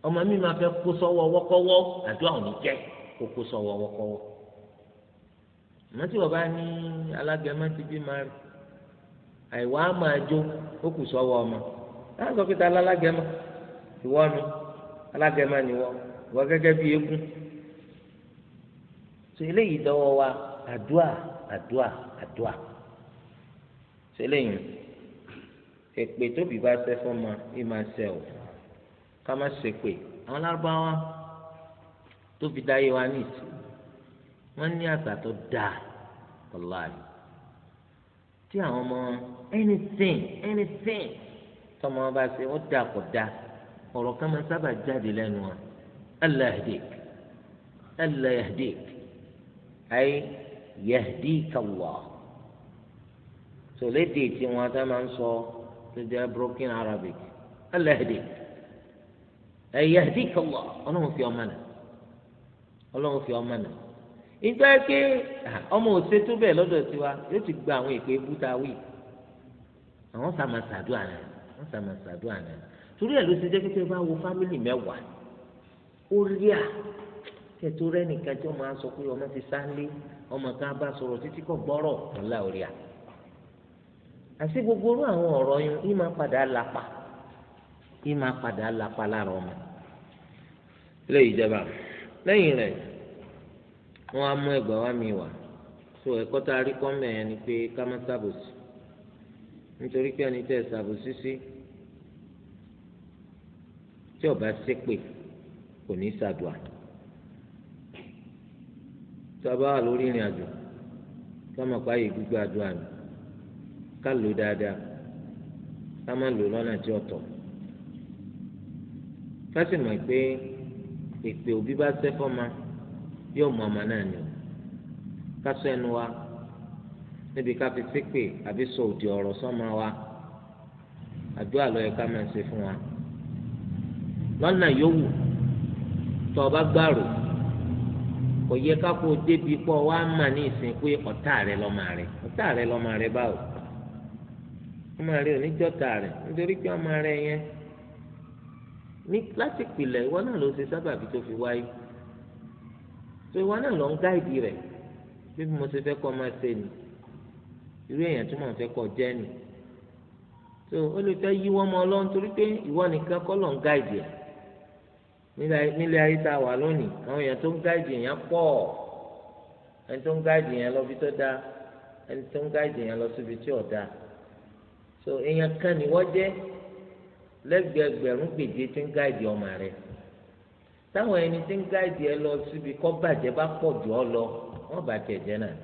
ọmọ mi máa fẹ́ kó sọ́wọ́ wọ́kọ́wọ́ àdúà ò ní jẹ́ kó kó sọ́wọ́ wọ́kọ́wọ́ àmọ́ bàbá ní alágẹ̀mọ́ bí máa rẹ̀ àìwá máa jó ó kù sọ́wọ́ ọmọ náà sọ pé ta lálágẹmọ ìwọ nu alágẹmọ nìwọ ìwọ gẹ́gẹ́ bí eégún tó eléyìí dọ́wọ́ wa àdúà àdúà àdúà tó eléyìí èpè tóbi bá ṣe fún ma yìí máa ṣe o ká má ṣe pé àwọn lárúbáwá tó fi dá yé wa ní ìsìn wọn ní àgbà tó dáa ọláàlú tí àwọn ọmọ wọn anything anything tọmọ wọn bá ṣe ó dà kó dá ọ̀rọ̀ kan máa sábà jáde lẹ́nu wa Allah yahdik Allah yahdik ay yahdika Allah sọlẹ́dì tí wọn ta máa ń sọ tó jẹ́ broken Arabic Allah yahdik ay yahdika Allah ọlọ́run fi ọmọ nà ọlọ́run fi ọmọ nà nígbà pé ọmọ òṣètò bẹ́ẹ̀ lọ́dọ̀ tiwa yóò ti gba àwọn ìpè búta wíì àwọn sàmà sàdúà náà wọ́n sàmà sàdúà náà torí ẹ̀ ló ti jẹ́ pé bá wo fámìlì mẹ́wàá ó rí à kẹtó rẹ nìkan tí wọ́n máa sọ pé ọmọ ti sáńlé ọmọ kan bá sọ̀rọ̀ títí kò gbọ́rọ̀ ńlá orí à àti gbogbo orú àwọn ọ̀rọ̀ yẹn yìí máa padà lápa yìí máa padà lápa lára ọmọ ilé ìjọba lẹ́yìn rẹ̀ wọ́n á mú ẹgbàá wá mi wá so ẹ̀kọ́ tá a rí kọ́ mẹ́rin ni pé ká má nítorí pé ẹni tẹ́ ṣàbò sísí tí ọba ṣépè kò ní ṣàdùà tí a bá wà lórí ìrìn àjò ká mọ̀ pé ààyè gbígbé àdúrà mi ká lò dáadáa ká má lò lọ́nà tí ọ̀tọ̀ ká mọ̀ pé èpè òbí bá ṣẹ́ fọ́ ma yóò mọ ọmọ náà ni ká sọ ẹnu wa níbi ká fi ṣépè àbí sọ òdì ọ̀rọ̀ sọ́mọ wa àdúrà ló yẹ ká máa ṣe fún wa lọ́nà yòówù tó o bá gbàrò kò yẹ ká kó o débi pọ̀ wá mà ní ìsìn pé ọ̀tá rẹ lọ́mọ rẹ ọ̀tá rẹ lọ́mọ rẹ báwo ọmọ rẹ ò ní jọ́ta rẹ nítorí pé ọmọ rẹ yẹn ní láti pìlẹ̀ ìwọ náà ló ṣe sábàbí tó fi wáyé tó ìwọ náà lọ ń gáìdì rẹ bí mo ṣe fẹ́ kọ́ máa ṣe nìyí irú èèyàn tó mọ̀ fẹ́ kọ́ jẹ́ nù tó ó lè fẹ́ yí wọ́n mọ́ ọlọ́run torí pé ìwọ nìkan kọ́ lọ́n gáìdì ẹ̀ nílé ayé tá a wà lónìí àwọn èèyàn tó ń gáìdì èèyàn pọ̀ ẹni tó ń gáìdì èèyàn lọ bí tó dáa ẹni tó ń gáìdì èèyàn lọ síbi tí ò dáa so èèyàn kan ni wọ́n jẹ́ lẹ́gbẹ̀ẹ́gbẹ̀rún gbèdé tí ń gáìdì ọmọ rẹ̀ táwọn ẹni tí ń gáìdì ẹ lọ síbi kọ́ bàjẹ́ bá pọ̀ jù ọ lọ wọ́n bàjẹ́ jẹ́ náà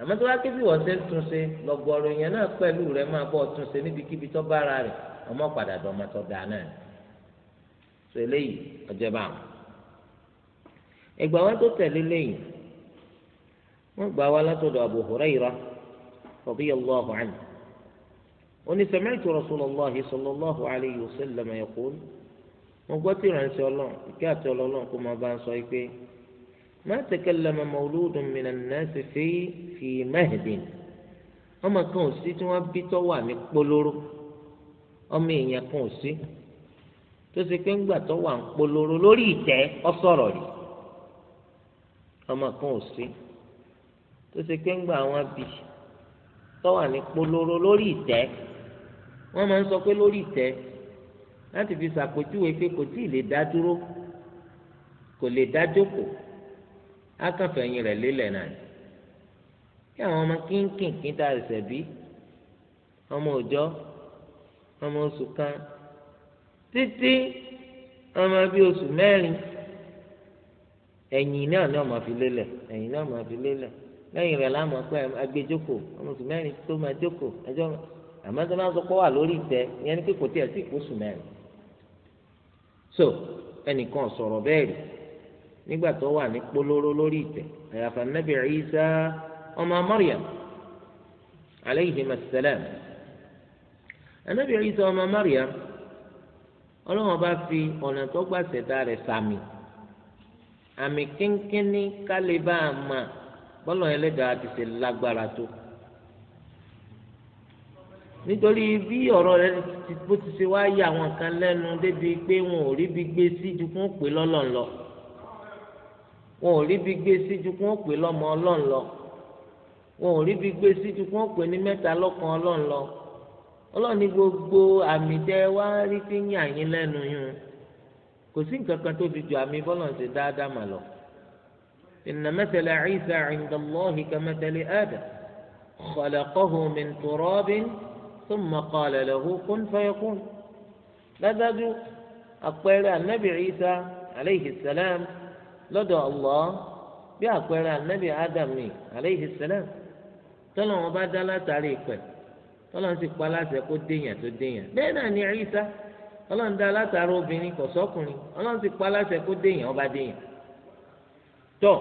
àmọ́ tó wá ké bí wọ́n ṣe ń tún ṣe lọ́gbọ̀ọ̀rọ̀ èèyàn náà pẹ̀lú rẹ̀ máa bọ̀ tún ṣe níbikíbi tó bá ara rẹ̀ ọmọ padà dọ̀mọ tó dáa náà ṣe eléyìí ọjọ́ bá wọn. ìgbà wọn tó tẹ̀lé lẹ́yìn wọ́n gbà wá látọ̀dọ̀ Abu Hurairah radiyallahu anhu oni sami'tu rasulullahi sallallahu alayhi wa sallam yaqul mo gbọ́ tí ìrànṣẹ́ ọlọ́run ìkẹ́ àti ọlọ́run kó máa bá ń sọ pé ما تكلم مولود من الناس في في مهد ọmọ kan ò sí tí wọ́n bí tó wà ní polóró ọmọ èèyàn kan ò sí tó ṣe pé ńgbà tó wà ní polóró lórí ìtẹ́ ọsọrọ rí ọmọ kan ò sí tó ṣe pé ńgbà wọ́n bí tó wà ní polóró lórí ìtẹ́ wọ́n máa ń sọ pé lórí ìtẹ́ láti fi ṣàpèjúwe pé kò tí ì lè dá dúró kò lè dá jókòó. akànfẹ́ yín rẹ̀ lélẹ̀ náà ni kí àwọn ọmọ kínkìnkín tá a ṣẹ̀ bí ọmọ òjọ́ ọmọ oṣù kan títí ọmọ bíi oṣù mẹ́rin ẹ̀yìn náà ni ọmọ fi lélẹ̀ ẹ̀yìn náà ọmọ fi lélẹ̀ lẹ́yìn rẹ̀ láàmú ọpẹ́ agbẹjọ́kọ̀ ọmọ oṣù mẹ́rin tó máa jókòó ẹjọ́ àmọ́ tó máa ń sọpọ́ wà lórí ìtẹ́ ìyẹn ní tí ẹ̀ sì so ẹnìkan sọ̀rọ̀ bẹ́ẹ̀ nígbà tó wà ní polóró lórí ìtẹ́ àyàfà nàbì Ìsá ọmọ Maryam aleyhi masalam anabi Ìsá ọmọ Maryam ọlọ́wọ́n bá fi ọ̀nà tó gbà ṣẹ̀dá rẹ̀ sàmì àmì kínkínní kálíbà àmà bọ́lọ̀ ẹlẹ́dàá ti ṣe lágbára tó nítorí bí ọ̀rọ̀ rẹ̀ bó ti ṣe wá yà àwọn kan lẹ́nu débi pé wọn ò rí bí gbé sí ju fún pé lọ́lọ́ọ̀ lọ wọn ò rí bí gbé síjú kí wọ́n pè lọ́mọ ọlọ́run lọ wọn ò rí bí gbé síjú kí wọ́n pè ní mẹ́ta lọ́kan ọlọ́run lọ ọlọ́run ní gbogbo àmì tẹ wá rí ti ń yàn yín lẹ́nu yún kò sí nǹkan kan tó fi ju àmì bọ́lọ̀ ṣe dáadáa mà lọ. inna mathala Isa inda Allahi ka mathali Adam khalaqahu min turabin thumma qala lahu kun fayakun. dájú àpẹẹrẹ anabi Isa aleyhi salam. lọ́dọ̀ Allah bí àpẹẹrẹ anabi adam ni aleyhi salam tọ́lọ̀ wọn bá dá látàrí ìpẹ́ tọ́lọ̀ ń sì pa déyàn tó déyàn bẹ́ẹ̀ náà ni Ìsá tọ́lọ̀ dá látàrí obìnrin kò sọ́kùnrin tọ́lọ̀ sì pa déyàn ọba déyàn tọ́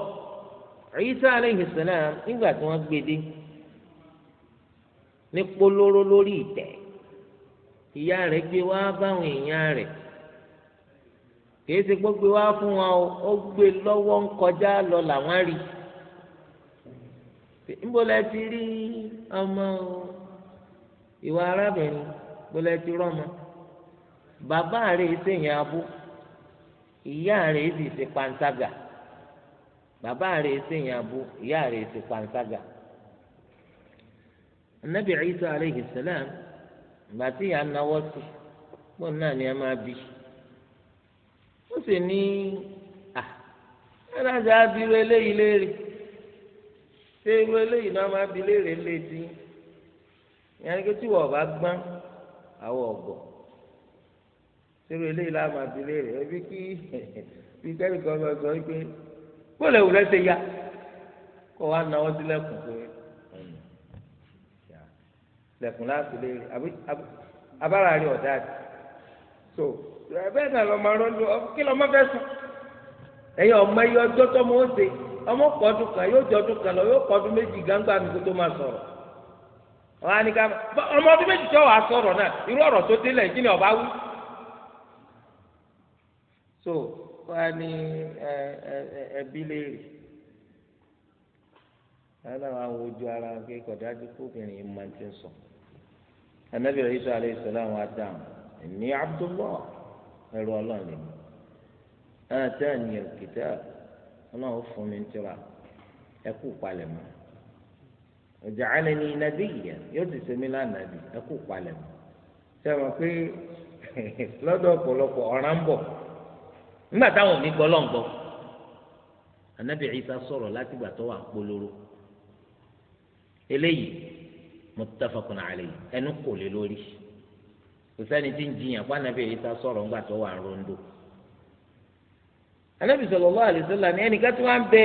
Ìsá aleyhi salam nígbà tí wọ́n gbede ní polóró lórí ìtẹ́ ìyá rẹ̀ gbé wá báwọn èèyàn rẹ̀ kìí ṣe gbogbo wa fún wọn o ó gbé lọ́wọ́ ń kọjá lọ làwọn rí níbo lẹ ti rí ọmọ o ìwà arábìnrin níbo lẹ ti rọmọ bàbá rẹ̀ ṣèyàn abú ìyá rẹ̀ sì ṣe panṣágà bàbá rẹ̀ ṣèyàn abú ìyá rẹ̀ ṣe panṣágà anabi Isa aleyhi salam gbàtí ìyá sì ní ẹnáṣẹ ah, abiru eléyìí léèrè ṣé irú eléyìí náà máa bi léèrè lè dín ìyẹn kí tí wọ́n bá gbọ́n àwọn ọ̀gọ̀ ṣé irú eléyìí náà máa bi léèrè ẹbí kí <laughs> bí kẹ́rìkọ́ bá sọ pé kó lè wùlẹ́ ṣe ya kó wàá náwó sílẹ̀kùn pé lẹ̀kùn láti léèrè àbára rí ọ̀dà àti. so bẹ́ẹ̀ náà lọ́mọ rọ́lù kí lọ́mọ fẹ́ sùn ẹ̀yin ọmọ ẹ̀yọ ọjọ́ tọ́mọ ó ṣe ọmọ kọ́ọ̀dù kan yóò jọ ọdún kan lọ yóò kọ́ọ̀dù méjì gángba mi kó tó máa sọ̀rọ̀ wọn á ní ká ọmọ ọdún méjì tó wàá sọ إني عبد الله ẹrú ọlọ́run ni àtàní ẹ̀kìtà ọlọ́run fún mi tíra ẹkú palẹ̀ mọ́ ọjà alẹ́ ní nàbí yìí yóò ti sẹ́mi lánàá bí ẹkú palẹ̀ mọ́ sẹ́wọ̀n pé <laughs> lọ́dọ̀ ọ̀pọ̀lọpọ̀ ọ̀ràn ń bọ̀ nígbà táwọn òní gbọ́ lọ́ngbọ́ anabi isa sọ̀rọ̀ láti kò sẹ́ni tí ń jiyàn fún anabi Ìsá sọ̀rọ̀ ńgbà tó wà rondo anabi sallallahu alaihi wasallam ní ẹnìkan tí wọ́n bẹ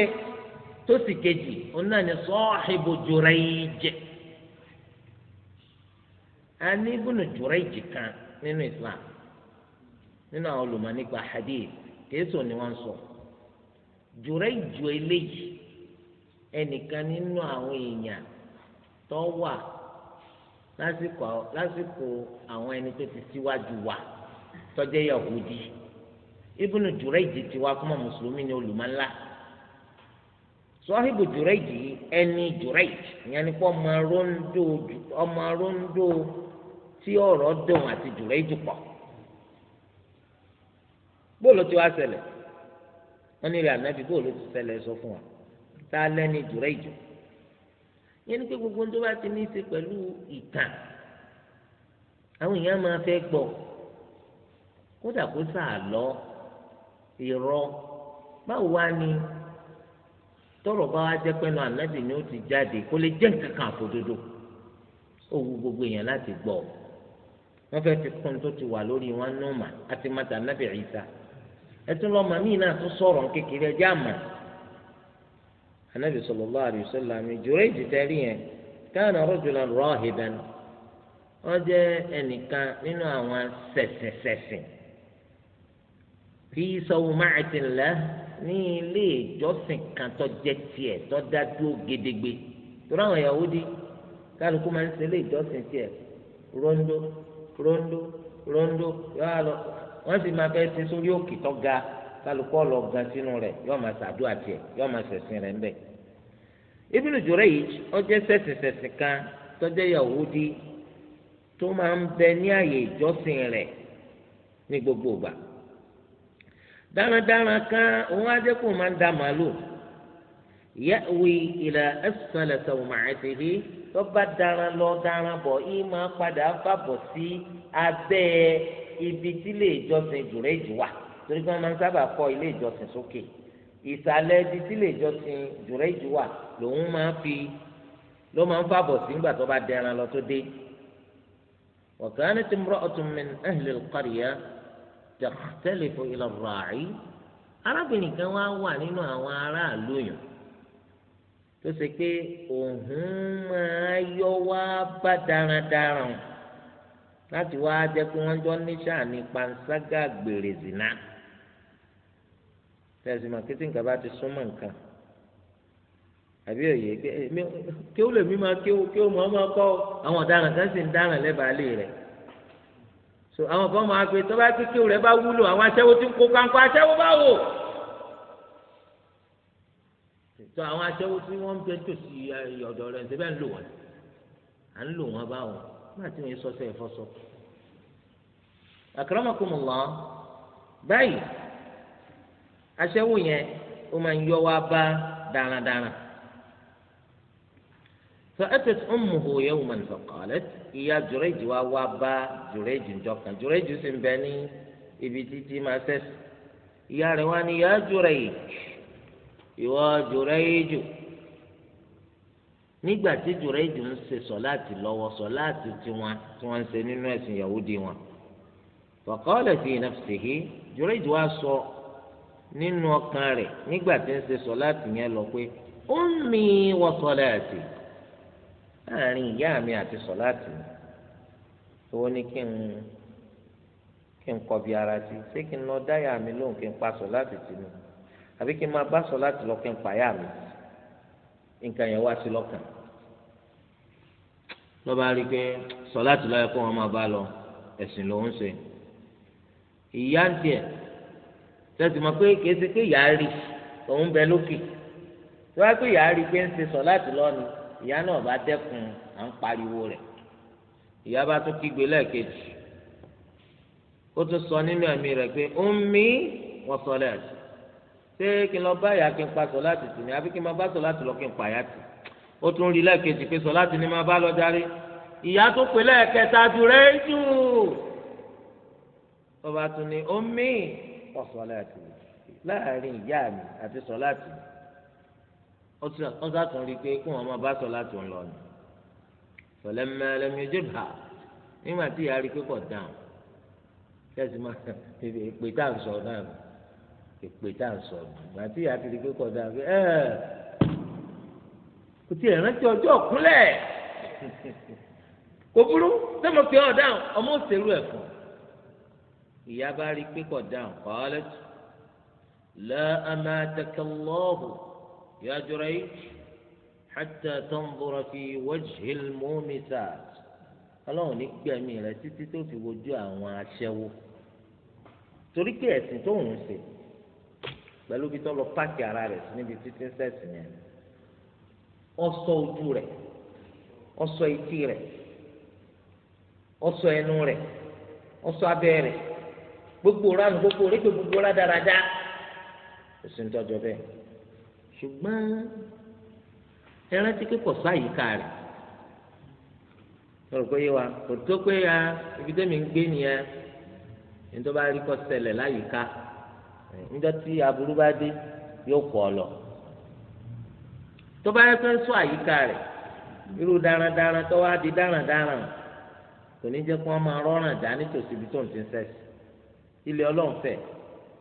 tó sì kejì òun náà ní sahibu Jurayj ani kan nínú Islam nínú àwọn nípa hadith kéésù ni sọ eléyìí ẹnìkan nínú àwọn lásìkò lásìkò àwọn ẹni tó ti síwájú wa tọ́jẹ́ yahudi ibùnú jùrẹ́jì ti wá kúmọ̀ mùsùlùmí ni olùmọ̀lá sọ́hìbù jùrẹ́jì ẹni jùrẹ́jì ìyẹn ni pé ọmọ rondo ọmọ rondo tí ọ̀rọ̀ dùn àti jùrẹ́jì pọ̀ bóòlù tí wàá ṣẹlẹ̀ wọ́n ní ilé ànábì bóòlù ti ṣẹlẹ̀ sọ fún wa tá a lẹ́ni jùrẹ́jì yẹn ni pé gbogbo tó bá ti ní í ṣe pẹ̀lú ìtàn àwọn èèyàn máa fẹ́ gbọ́ kódà kó sáà lọ irọ́ báwo wá ni tọrọ bá wá jẹ́ pẹ̀lú ànábì ni ó ti jáde kó lè jẹ́ nǹkan kan àfòdodo ó gbogbo èèyàn láti gbọ́ wọ́n fẹ́ẹ́ fi kún tó ti wà lórí wọn nù àti màtà ànábì Ìsá ẹtún lọ́mọ míì náà tún sọ̀rọ̀ kékeré ẹjẹ́ àmà anabi sallallahu alayhi wa sallam Jurayj tẹrí yẹn kana rajulan rahiban ó jẹ́ ẹnìkan nínú àwọn sẹsẹsẹsìn fi sawma'atin lah ní ilé ìjọsìn kan tó jẹ́ tiẹ̀ tó dá dúró gedegbe torí àwọn Yahudi kálukú máa ń ilé rondo rondo rondo yọ àlọ wọn sì máa ṣe sórí òkè ga. kálukọ́ lọ gan sínú rẹ̀ yóò máa ṣàdúrà tiẹ̀ yóò máa ṣẹ̀sìn rẹ̀ ńbẹ̀. Ibn Jurayj ọjọ́ sẹ̀sìnsẹ̀sìn kan tọ́jẹ́ Yahudi tó máa ń bẹ ní àyè ìjọsìn rẹ̀ ní gbogbo ìgbà. dáradára kan òun ajẹ́kù máa ń da màálù yẹ́wì ìlà ẹ̀sìnlẹ̀ sọ̀màẹ́tìlì tó bá daran lọ daran bọ̀ yìí máa padà bàbọ̀ sí abẹ́ ibi tí ilé ìjọsìn Jurayj wà torí pé wọn máa ń sábà kọ́ ilé ìjọsìn sókè ìsàlẹ̀ ibi ilé ìjọsìn jùrẹ́jù wà lòun máa fi ló máa ń fàbọ̀ sí ńgbà tó bá dẹran lọ tó dé wa kanat imra'atun min ahli al-qarya takhtalifu ila arábìnrin kan wá wà nínú àwọn aráàlú yàn tó ṣe pé òun máa yọ wá bá darandaran láti wá jẹ́ pé wọ́n jọ ní sàní panṣágà gbèrè zìnnà tẹ̀sí ma kété nǹkan bá ti súnmọ́ nǹkan àbí òye eh, kí ó lè mí máa kí ó kí ó máa máa kọ́ àwọn ọ̀daràn kan sì ń dáràn lẹ́bàá lé rẹ̀ so àwọn kan máa gbé tó bá kékeré rẹ̀ bá wúlò àwọn aṣẹ́wó tí ń kó kankan aṣẹ́wó bá wò tó àwọn aṣẹ́wó tí wọ́n ń bẹ tòsí eh, ọ̀dọ̀ rẹ̀ ṣẹ́fẹ́ ń lò wọ́n à ń lò wọ́n báwọn nígbà tí wọ́n yẹ sọ́sẹ́ ẹ̀fọ́ sọ. báyìí aṣẹ́wó yẹn ó máa ń yọ wá bá darandaran فأتت أمه يوما فقالت يا جريج وابا جريج جوكا جريج سنبني إبتيتي ما سس يا رواني يا جريج يا جريج nígbà tí jùrẹ́jù ń ṣe sọ̀láàtì lọ́wọ́ sọ̀láàtì tiwọn tí wọ́n ń ṣe nínú ẹ̀sìn Yahudi wọn. فقال في نفسه jùrẹ́jù wa sọ nínú ọkàn rẹ̀ nígbà tí ń ṣe sọláàtì yẹn lọ pé ummi wa sọláàtì láàrin ìyá mi àti sọláàtì mi owó ní kí n kí n kọbi ara sí ṣé kí n lọ dáyà mi lóhùn kí n pa sọláàtì tì mí àbí kí n máa bá sọláàtì lọ kí n pààyà mi nǹkan yẹn wá sí lọ́kàn lọ́ba rí i pé sọláàtì ló yẹ kó wọn máa bá lọ ẹ̀sìn lòún ṣe ìyá ń tiẹ̀ tẹ̀sí mọ̀ pé kìí ṣe pé ìyá rí òun bẹ lókè tí wọ́n pé ìyá rí pé ń ṣe sọ láti lọ́ni ìyá náà bá dẹ́kun à ń pariwo rẹ̀ ìyá bá tún kígbe lẹ́ẹ̀kejì ó tún sọ nínú ẹ̀mí rẹ̀ pé ó ń mí wọ́n sọ lẹ́ẹ̀sì ṣé kí n lọ bá ìyá kí n pa sọ láti tì ní àbí kí n bá sọ láti lọ kí n pa ìyá tì ó tún rí lẹ́ẹ̀kejì pé sọ láti ní máa bá lọ darí ìyá tó pè lẹ́ẹ̀kẹta jù rẹ́ jù ó tún ní ó ń wa salati láàrin ìyá mi àti salati ó sàtún rí i pé kó wọn máa bá salati ń lọ ni falamma lam yujibha nígbà tí ìyá rí i pé kò dáhùn tẹ́sí máa èpè <laughs> tá à ń sọ náà èpè tá à ń sọ nígbà tí ìyá ti rí i pé kò dáhùn ẹ kò tí ì rántí ọjọ́ òkúnlẹ̀ <laughs> kò burú sẹ́mo fi ọ̀ dáhùn ọmọ òṣèlú ẹ̀fọ́ ìyá bá rí pé kò dáhùn qalat la amataka Allahu ya Jurayj hatta tanzura fi wajhil mumisat ọlọ́run ní gbẹ̀mí rẹ títí tó fi wojú àwọn aṣẹ́wó torí pé ẹ̀sìn tó ń ṣe pẹ̀lú bí tó lọ páàkì ara rẹ̀ sí níbi títí ń yẹn ọsọ ojú rẹ̀ ọsọ etí rẹ̀ ọsọ ẹnu rẹ̀ ọsọ abẹ́ rẹ̀ gbogbo ránu gbogbo rédíò gbogbo rádaràdá kò sí ṣùgbọ́n ẹ rántí pé kò sáyìíká rẹ̀ pé yé kò tó pé ya ibi tẹ́mi ń gbé nìyẹn ní tó bá rí kọ́ láyìíká níjọ́ tí aburú bá dé yóò kọ́ ọ lọ tó bá yẹ fẹ́ sọ àyíká irú darandaran tó wá di darandaran kò ní jẹ́ kó wọ́n máa rọ́ràn ilé ọlọ́run fẹ̀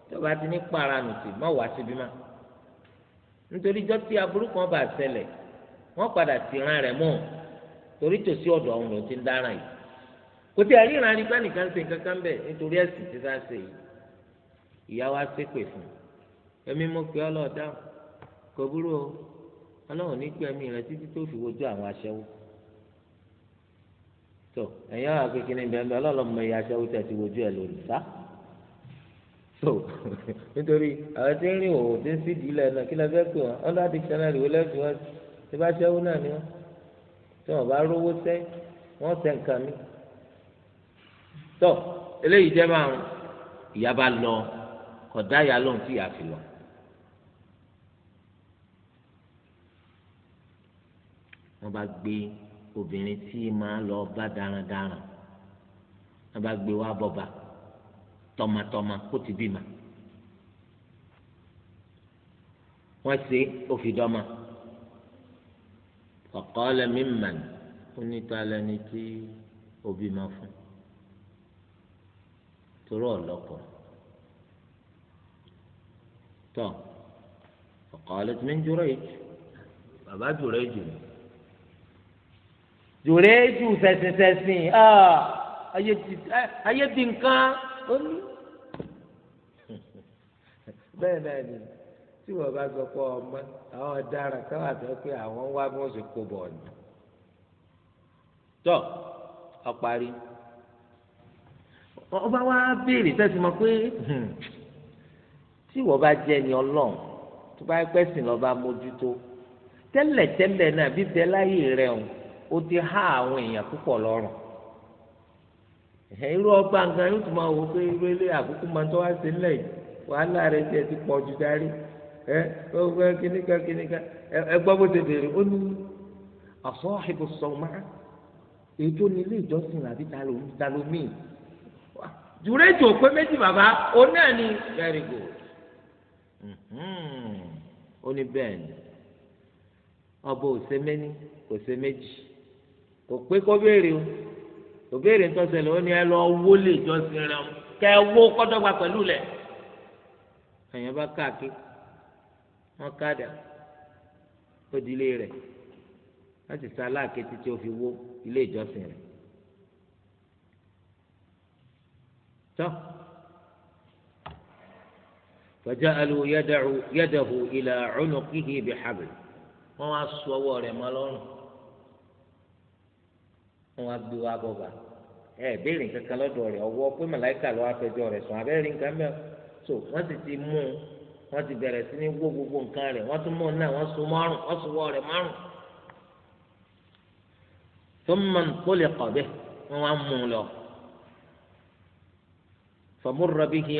tọba ti ní kparanu sí má wá síbi má nítorí jọ tí aburú kan bá ṣẹlẹ̀ wọ́n padà sí ran rẹ̀ mọ́ torí tòsí ọ̀dọ̀ ọ̀hún ló ti ń dáràn yìí kò tí àríran nígbà nìkan ṣe kankan bẹ̀ nítorí ẹ̀sìn tí sá ṣe yìí ìyá wa ṣépè fún ẹ̀mí mo pè ọ́ lọ́ọ̀dá kò burú o ọlọ́run ní pé ẹ̀mí rẹ títí tó fi wojú àwọn aṣẹ́wó tó ẹ̀yìn àwọn akékeré ń bẹ̀rẹ̀ ọlọ́run mọ iye aṣẹ́wó tẹ̀ ti wojú ẹ̀ lónìí sá so <laughs> nítorí àwọn tí ń rìn òwò tí ń sì dì í lẹ́nu kí lọ́ọ́ fẹ́ pè wọ́n under dictionary wọ́n lẹ́sìn wọn tí bá ṣẹ́wó náà ni wọ́n tí wọ́n bá rówó sẹ́ wọ́n sẹ́ nǹkan mi. tọ́ eléyìí jẹ́ máa ń ìyá bá lọ kọ̀dá ìyá lóhùn tí ìyá fi lọ. wọ́n bá gbé obìnrin tí máa lọ bá darandaran wọ́n bá gbé wá bọ́ba tọmọtọmọ kó ti bímọ wọn ṣe òfìdọmọ kọkọ lẹmí màn onítalẹni tí òbí ma fún torí ọlọpọ tọ kọkọ lẹtìmí jùrọ ìjù bàbá jùrọ ìjù ni jùrọ ìjù sẹsìn sẹsìn ah, eh, ayé di nǹkan ó ní bẹ́ẹ̀ náà ni tí wọ́n bá sọ pé ọmọ àwọn ọ̀daràn kan wà tó pé àwọn wá bí wọ́n ṣe kó bọ̀ ni. tọ́ ọ̀parí ọba wa béèrè tẹ́sí mọ́ pé hmm, tí wọ́n bá jẹ́ ni ọlọ́run tó bá pẹ́ sìn lọ́ba mójútó tẹ́lẹ̀tẹ́lẹ̀ náà bíbẹ láyé rẹ̀ o ó ti há àwọn èèyàn púpọ̀ lọ́rùn irú ọba nǹkan yóò tún máa wò pé irú ilé àkókò máa ń wá sí nílẹ̀ wàhálà rẹ̀ tiẹ̀ ti pọ̀ jù darí ẹ ọgbẹ kìnìkà kìnìkà ẹ gbọ́ bó ti bèrè ó ní àfọ́ àìbò ètò ní ilé ìjọsìn àbí talomi jùrẹ́jù òpé méjì bàbá náà ní very good ó ní bẹ́ẹ̀ ni ọba méjì kò o kò béèrè ń tọ́sẹ̀ ní ẹ lọ rẹ kẹ pẹ̀lú rẹ. àyàn bá káàkì wọn káàdà ó di ilé rẹ̀ láti sa aláàkè títí ó fi wó ilé ìjọsìn rẹ̀ tó faja'alu yadahu ila unuqihi bihabl wọn wá so wọn wá gbé wá bọba ẹ béèrè nǹkan kan lọ́dọ̀ rẹ̀ ọwọ́ pé màláìka ló wá fẹjọ́ rẹ̀ sùn so wọ́n sì ti mú un wọ́n ti bẹ̀rẹ̀ sí ní wó gbogbo nǹkan rẹ̀ wọ́n tún mú un náà wọ́n so márùn wọ́n so wọ́ rẹ̀ márùn tó ń mọ nǹkó lè kọ̀ bẹ́ẹ̀ wọ́n wá mú un lọ. fọmúrọ̀ bí kí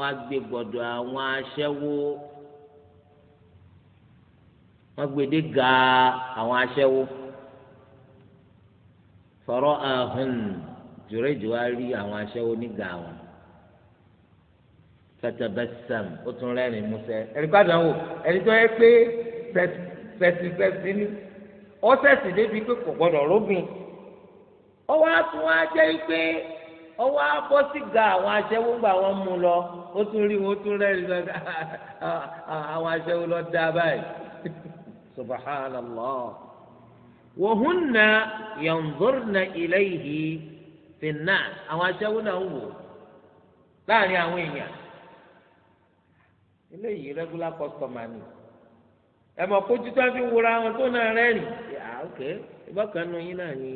wá gbé gbọ́dọ̀ àwọn aṣẹ́wó wọ́n gbé dé ga àwọn aṣẹ́wó fọ̀rọ̀ ahùn jùrẹ́jù wá rí àwọn aṣẹ́wó ní ga wọn katabassam ó tún rẹ́rìn músẹ́ ẹ̀rí padà wò ẹni tó yẹ pé fẹsifẹsi ni ọsẹsì débi pé kò gbọdọ̀ rógùn ọwọ́ atún wá jẹ́ pé ọwọ́ abọ́ sí ga àwọn aṣẹ́wó ń gba àwọn mú lọ ó tún rí wọn ó tún rẹ́rìn lọ <laughs> àwọn aṣẹ́wó lọ dá báyìí <laughs> subhanallah wa hunna yanzurna ilayhi fi an-nas àwọn aṣẹ́wó náà wò láàrin àwọn èèyàn eléyìí regular customer ni ẹ mọ̀ kójú tó fi wúra wọn tó náà rẹ́ rìn yà ah, ok ìbọ̀kan nu yín náà ni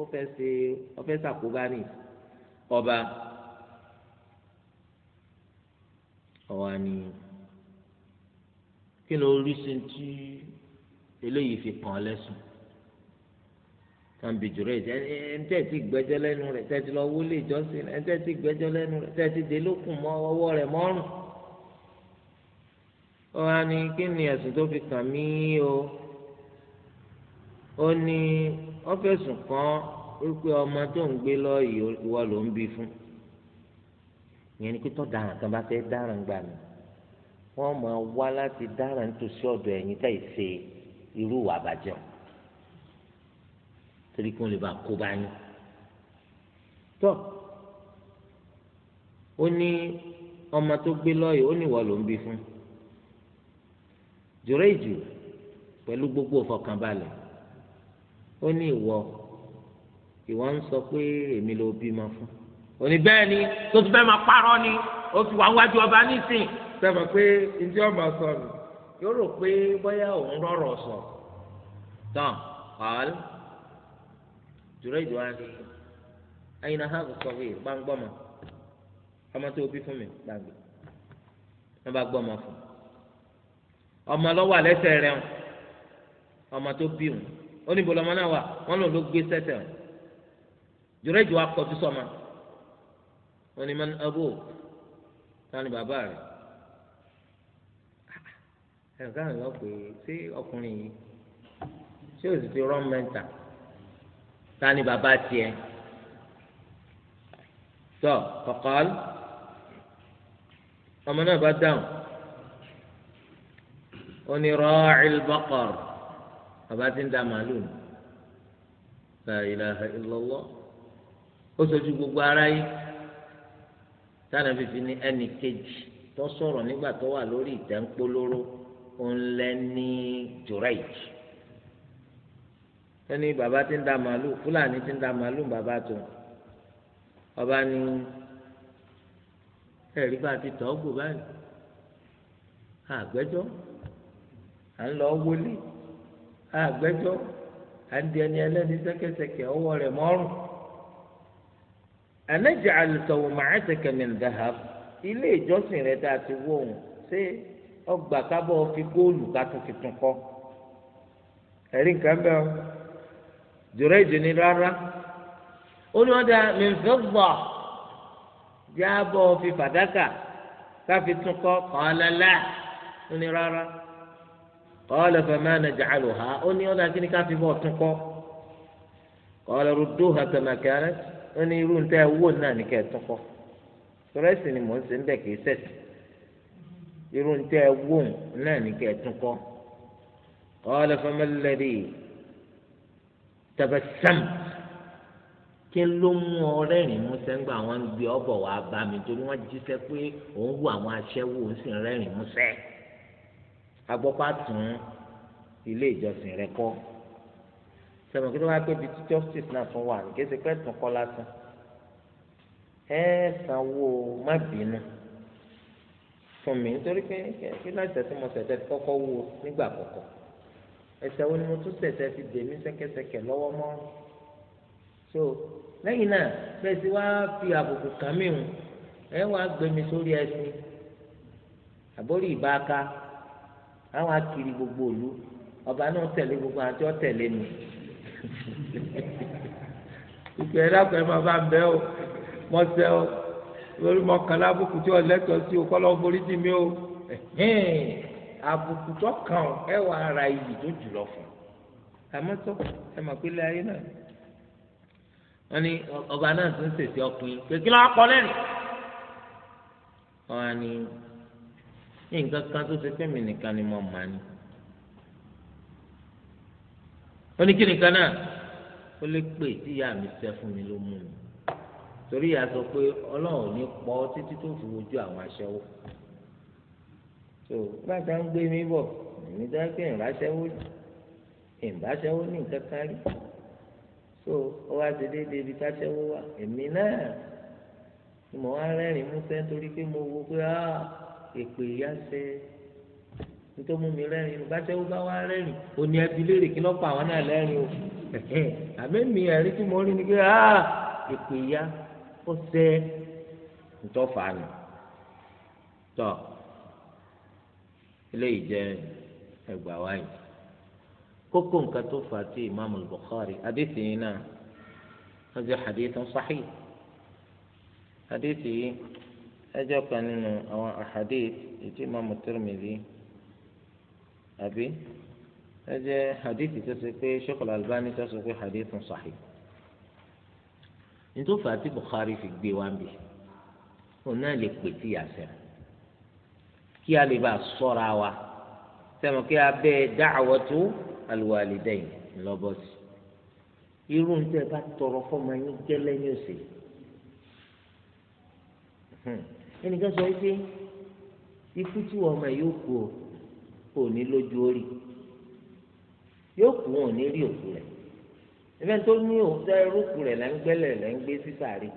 ó fẹ́ ṣe ó fẹ́ ṣàkóbá ni ọba ọwa ni kí ni oríṣi tí eléyìí fi kàn án lẹ́sùn tàbí jùlọ ìjẹ ẹnitẹ ti gbẹ́jọ́ lẹ́nu rẹ̀ tẹtí lọ wọlé ìjọsìn ẹnitẹ ti gbẹ́jọ́ lẹ́nu rẹ̀ tẹtí délókùn mọ́ ọwọ́ rẹ̀ mọ́rùn ó wá ní kí ni ẹ̀sùn tó fi kàn mí o ó ní ọ́fíìsì kan wípé ọmọ tó ń gbé lọ ìwọ ló ń bí fún ìyẹn ni pé tó dáràn kan bá fẹ́ dáràn gbà mí wọ́n máa wá láti dáràn tòsí ọ̀dọ̀ ẹ̀yìn tá ì ṣe irú ìwà àbàjẹ́ torí kí wọ́n lè bá kó bá yín tó ó ní ọmọ tó gbé lọ́yìí ó ní ìwọ ló ń bí fún un jùrẹ́jù pẹ̀lú gbogbo fọkànbalẹ̀ ó ní ìwọ ìwọ ń sọ pé èmi ló bímọ fún òní bẹ́ẹ̀ ni tó ti fẹ́ máa parọ́ ni ó fi wá wájú ọba nísìn. sẹ́fà pé ìdí ọba sọ nù yóò rò pé bóyá òun rọrọ̀ sọ tán ọ̀hán jùrẹ́jù wa ni ẹyin náà hàn sọ pé gbàngbọ́mọ ọmọ tó bí fún mi gbàgbé wọn bá gbọ́mọ fún un ọmọ lọ wà lẹ́sẹ̀ rẹ̀ o ọmọ tó bí o ó níbo lọmọ náà wà wọn lọ ló gbé sẹ́sẹ̀ o jùlọ ìjọ akọjú sọmọ wọn ni mọ abó náà ni bàbá rẹ̀ ẹ ká lọ pé ṣé ọkùnrin yìí ṣé o sì ti rán mẹ́ta ta bàbá tiẹ̀ tọ kọkọl ọmọ náà bá dáhùn oní rọ́ọ̀cìl bọ́kọ̀r bàbá tí ń da màálù la ilaha illallah ó sojú gbogbo ara yìí tánà fífi ní ẹnì kejì tó sọ̀rọ̀ nígbà tó wà lórí ìtẹ́ ń polóró ó ń lẹ́ da màálù fúlàní tí da màálù bàbá tó ọba ní ẹ̀rí bá ti tọ́ gbò báyìí àgbẹ́jọ́ à ń lọ wọlé àgbẹ́jọ́ à ń di ẹni ẹlẹ́ni sẹ́kẹsẹkẹ ọwọ́ rẹ̀ mọ́rùn. ànájà àlùsọ̀wò màá tẹ̀kẹ̀ mi dàhà ilé ìjọsìn rẹ̀ dáa ti wọ̀ ọ̀hún ṣé ọgbà kábọ̀ fi góòlù ká tó fi tún kọ́ ẹ̀rí nǹkan bẹ́ẹ̀ o jùrọ̀ ìjì ni rárá ó ní wọ́n da mẹ́fẹ́fọ́ jábọ̀ fi fàdákà ká tún kọ́ kàn án lálẹ́ ó ní rárá. قال فما نجعلها ó ní ọ̀dà kí ni ká fi bọ́ ọ̀tún kọ́ قال ردوها كما كانت ó ní irú nǹkan ẹ̀wọ́ náà ní ká ẹ̀tún kọ́ tọ́lẹ́sì ni mò ń ṣe kì í sẹ̀sì irú nǹkan náà ní kọ́ kí ló mú rìn músẹ́ ọbọ bá mi torí agbọ́pá tún ilé ìjọsìn rẹ kọ́ sẹ́wọ̀n kí ló wá pé bíi justice náà tún wà kése pé tún kọ́ lásán ẹ sanwó má bínú fún mi nítorí pé kí náà ṣẹ̀ṣẹ̀ mo ṣẹ̀ṣẹ̀ kọ́kọ́ wo nígbà kọ̀kọ́ ẹsẹ̀ wo ni mo tún ṣẹ̀ṣẹ̀ fi dèmí ṣẹ́kẹ́ṣẹkẹ̀ lọ́wọ́ mọ́ so lẹ́yìn náà bẹ́ẹ̀ sì wá fi àbùkù kàn mí hùn ẹ wá gbé mi sórí ẹsìn àbórí ìbáka àwọn akiri gbogbo òlu ọba náà tẹ̀lé gbogbo àti ọ̀tẹ̀lé nu ìpè ẹ̀dá kan máa bá ń bẹ́ o mọ sẹ́ o lórí mọ kàn lábùkù tí ọ̀lẹ́tọ̀ sí o kọ́ lọ́ forí jì mí o àbùkù tó kàn ọ́ ẹ wà ara iyì tó jùlọ fún àmọ́ tó ẹ mọ̀ pé ilé ayé náà wọ́n ní ọba náà tún ṣèṣe ọkùnrin kékeré ọkọ lẹ́nu wọ́n á ní nǹkan kan tó ṣe pé mi nìkan ni mo mà ní. ó ní kí nìkan náà ó lè pè tí ìyá mi ṣe fún mi ló mú mi torí ìyá sọ pé ọlọ́run ò ní pọ́ títí tó fi wojú àwọn aṣẹ́wó tó gbàgbà ń gbé mi bọ̀ èmi dá pé ìránṣẹ́wó ìránṣẹ́wó ní nǹkan kan rí tó ó wá ti déédéé ibi táṣẹ́wó wà èmi náà ni mo wá rẹ́rìn-ín músẹ́ torí pé mo wo pé áà. Ah, èpè yá sẹ nítorí mú mi rẹ́rìn ìbáṣẹ wo bá wá rẹ́rìn òní ẹbí léèrè kí lọ́pọ̀ àwọn náà lẹ́rìn o àmì mi ẹ̀rí tí mo rí ni pé ah, èpè yá ó sẹ ntọ́fà nù tọ́ eléyìí jẹ́ ẹgbàá wáyé kókó nǹkan tó fà tí imaamu bukhari adéfìyín náà wọ́n jẹ́ hadith sahih hadith yìí ẹjọ́ kan nínú àwọn ahadith ètí imaamu Tirmidhi àbí ẹjẹ́ hadith tó ṣe pé Sheikhul Albani tó ṣe pé hadithun sahih nítòfà tí Bukhari fi gbé wá bì òun náà lè pè tí yàtọ̀ kí a lè bá a sọ́ra wa sẹ́mu kí a bẹ́ẹ̀ da'watu al-walidayn lọ́bọ̀sì irú ń bá tọrọ fọ́mọ yín gẹ́lẹ́ yín ọ̀sẹ̀ ẹnìkan sọ wípé ikú tí wọn mọ yóò kú o kò ní lójú orí yóò kú wọn ò ní rí òkú rẹ̀ ẹgbẹ́ tó ní òkú ẹrúkú rẹ̀ là ń gbẹ́lẹ̀ là ń gbé sísàárì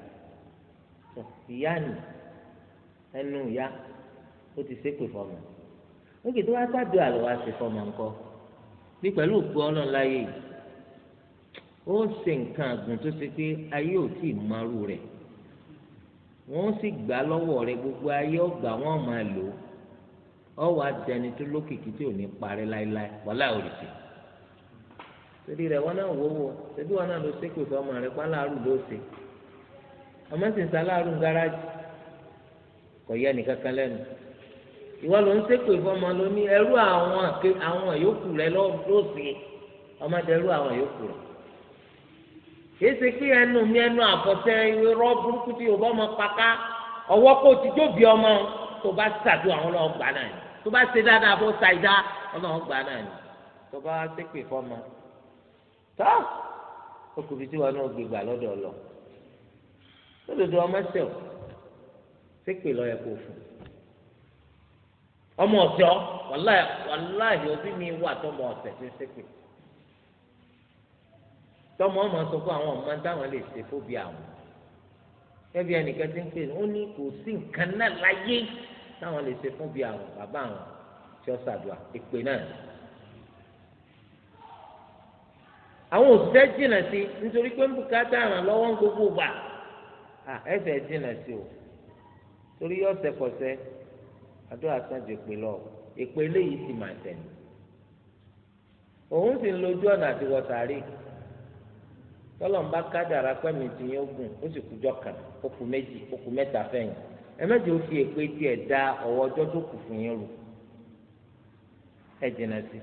ìyá nì ẹnu ìyá ó ti ṣépè fọmọ lókè tó wá sábẹ àlọwà ṣe fọmọ nǹkan bí pẹ̀lú òkú Ọlọ́run láyé yìí ó ń ṣe nǹkan àgùn tó ṣe pé ayé ò tí ì mọrú rẹ̀ wọ́n sì gbà lọ́wọ́ rẹ̀ gbogbo ayé ọgbà wọn máa lò ó ọwọ́ àtẹni tó lókìkí tí ò ní parí láéláé wọlé òrìṣì torí rẹ̀ wọ́n náà wọwọ ṣebí wọ́n náà lọ sékò tó ọmọ rẹ̀ pàlàrú ló ṣe ọmọ sì ń sàlárù gáràjì kò yẹ nìkan kan lẹ́nu ìwọ ló ń sékò ìfọmọ ló ní ẹrú àwọn yòókù rẹ̀ lọ ló ṣe ẹrú àwọn yòókù rẹ̀ kìí ṣe pé ẹnu mi ẹnu àbọ̀tẹ́ irọ́ burúkú tí yorùbá ọmọ paka ọwọ́ kó ti jóbi ọmọ tó bá ṣàdúrà àwọn ọlọ́wọ́ gbà náà ni tó bá ṣe dáadáa bó ta ìdá ọlọ́wọ́ gbà náà ni tó bá ṣépè fọmọ tó okùnrin tí wọn náà gbé gbà lọ́dọ̀ lọ lódodo ọmọ ṣe ọ ṣépè lọ yẹ kó fún ọmọ ọ̀sẹ̀ ọ wàláhì òbí mi wà tọmọ ọ̀sẹ̀ tó ṣépè tọmọ ọmọ sọ pé àwọn ọmọ táwọn lè ṣe fóbi àwọn ẹbí ẹnìkan ti ń pè ó ní kò sí nǹkan náà láyé táwọn lè ṣe fóbi àwọn bàbá àwọn tí ó ṣàdùà ìpè náà àwọn òṣìṣẹ́ jìnnà sí nítorí pé ń bùkátà ràn lọ́wọ́ ń gbogbo gbà ẹsẹ̀ jìnnà sí o torí ọ̀sẹ̀kọ̀sẹ̀ àdúrà sànjẹ̀ pè lọ èpè eléyìí sì máa tẹ̀lé òun sì ń lójú ọ̀nà àti wọ̀tàrí tọ́lọ̀ ń bá kádàrá pẹ́mi tí yẹn gùn ó sì kújọ kan ó kù méjì ó mẹ́ta fẹ́yìn ẹ mẹ́jọ fi èpè tiẹ̀ da ọ̀wọ́ ọjọ́ tó kù fún yín rò ẹ jìnnà sí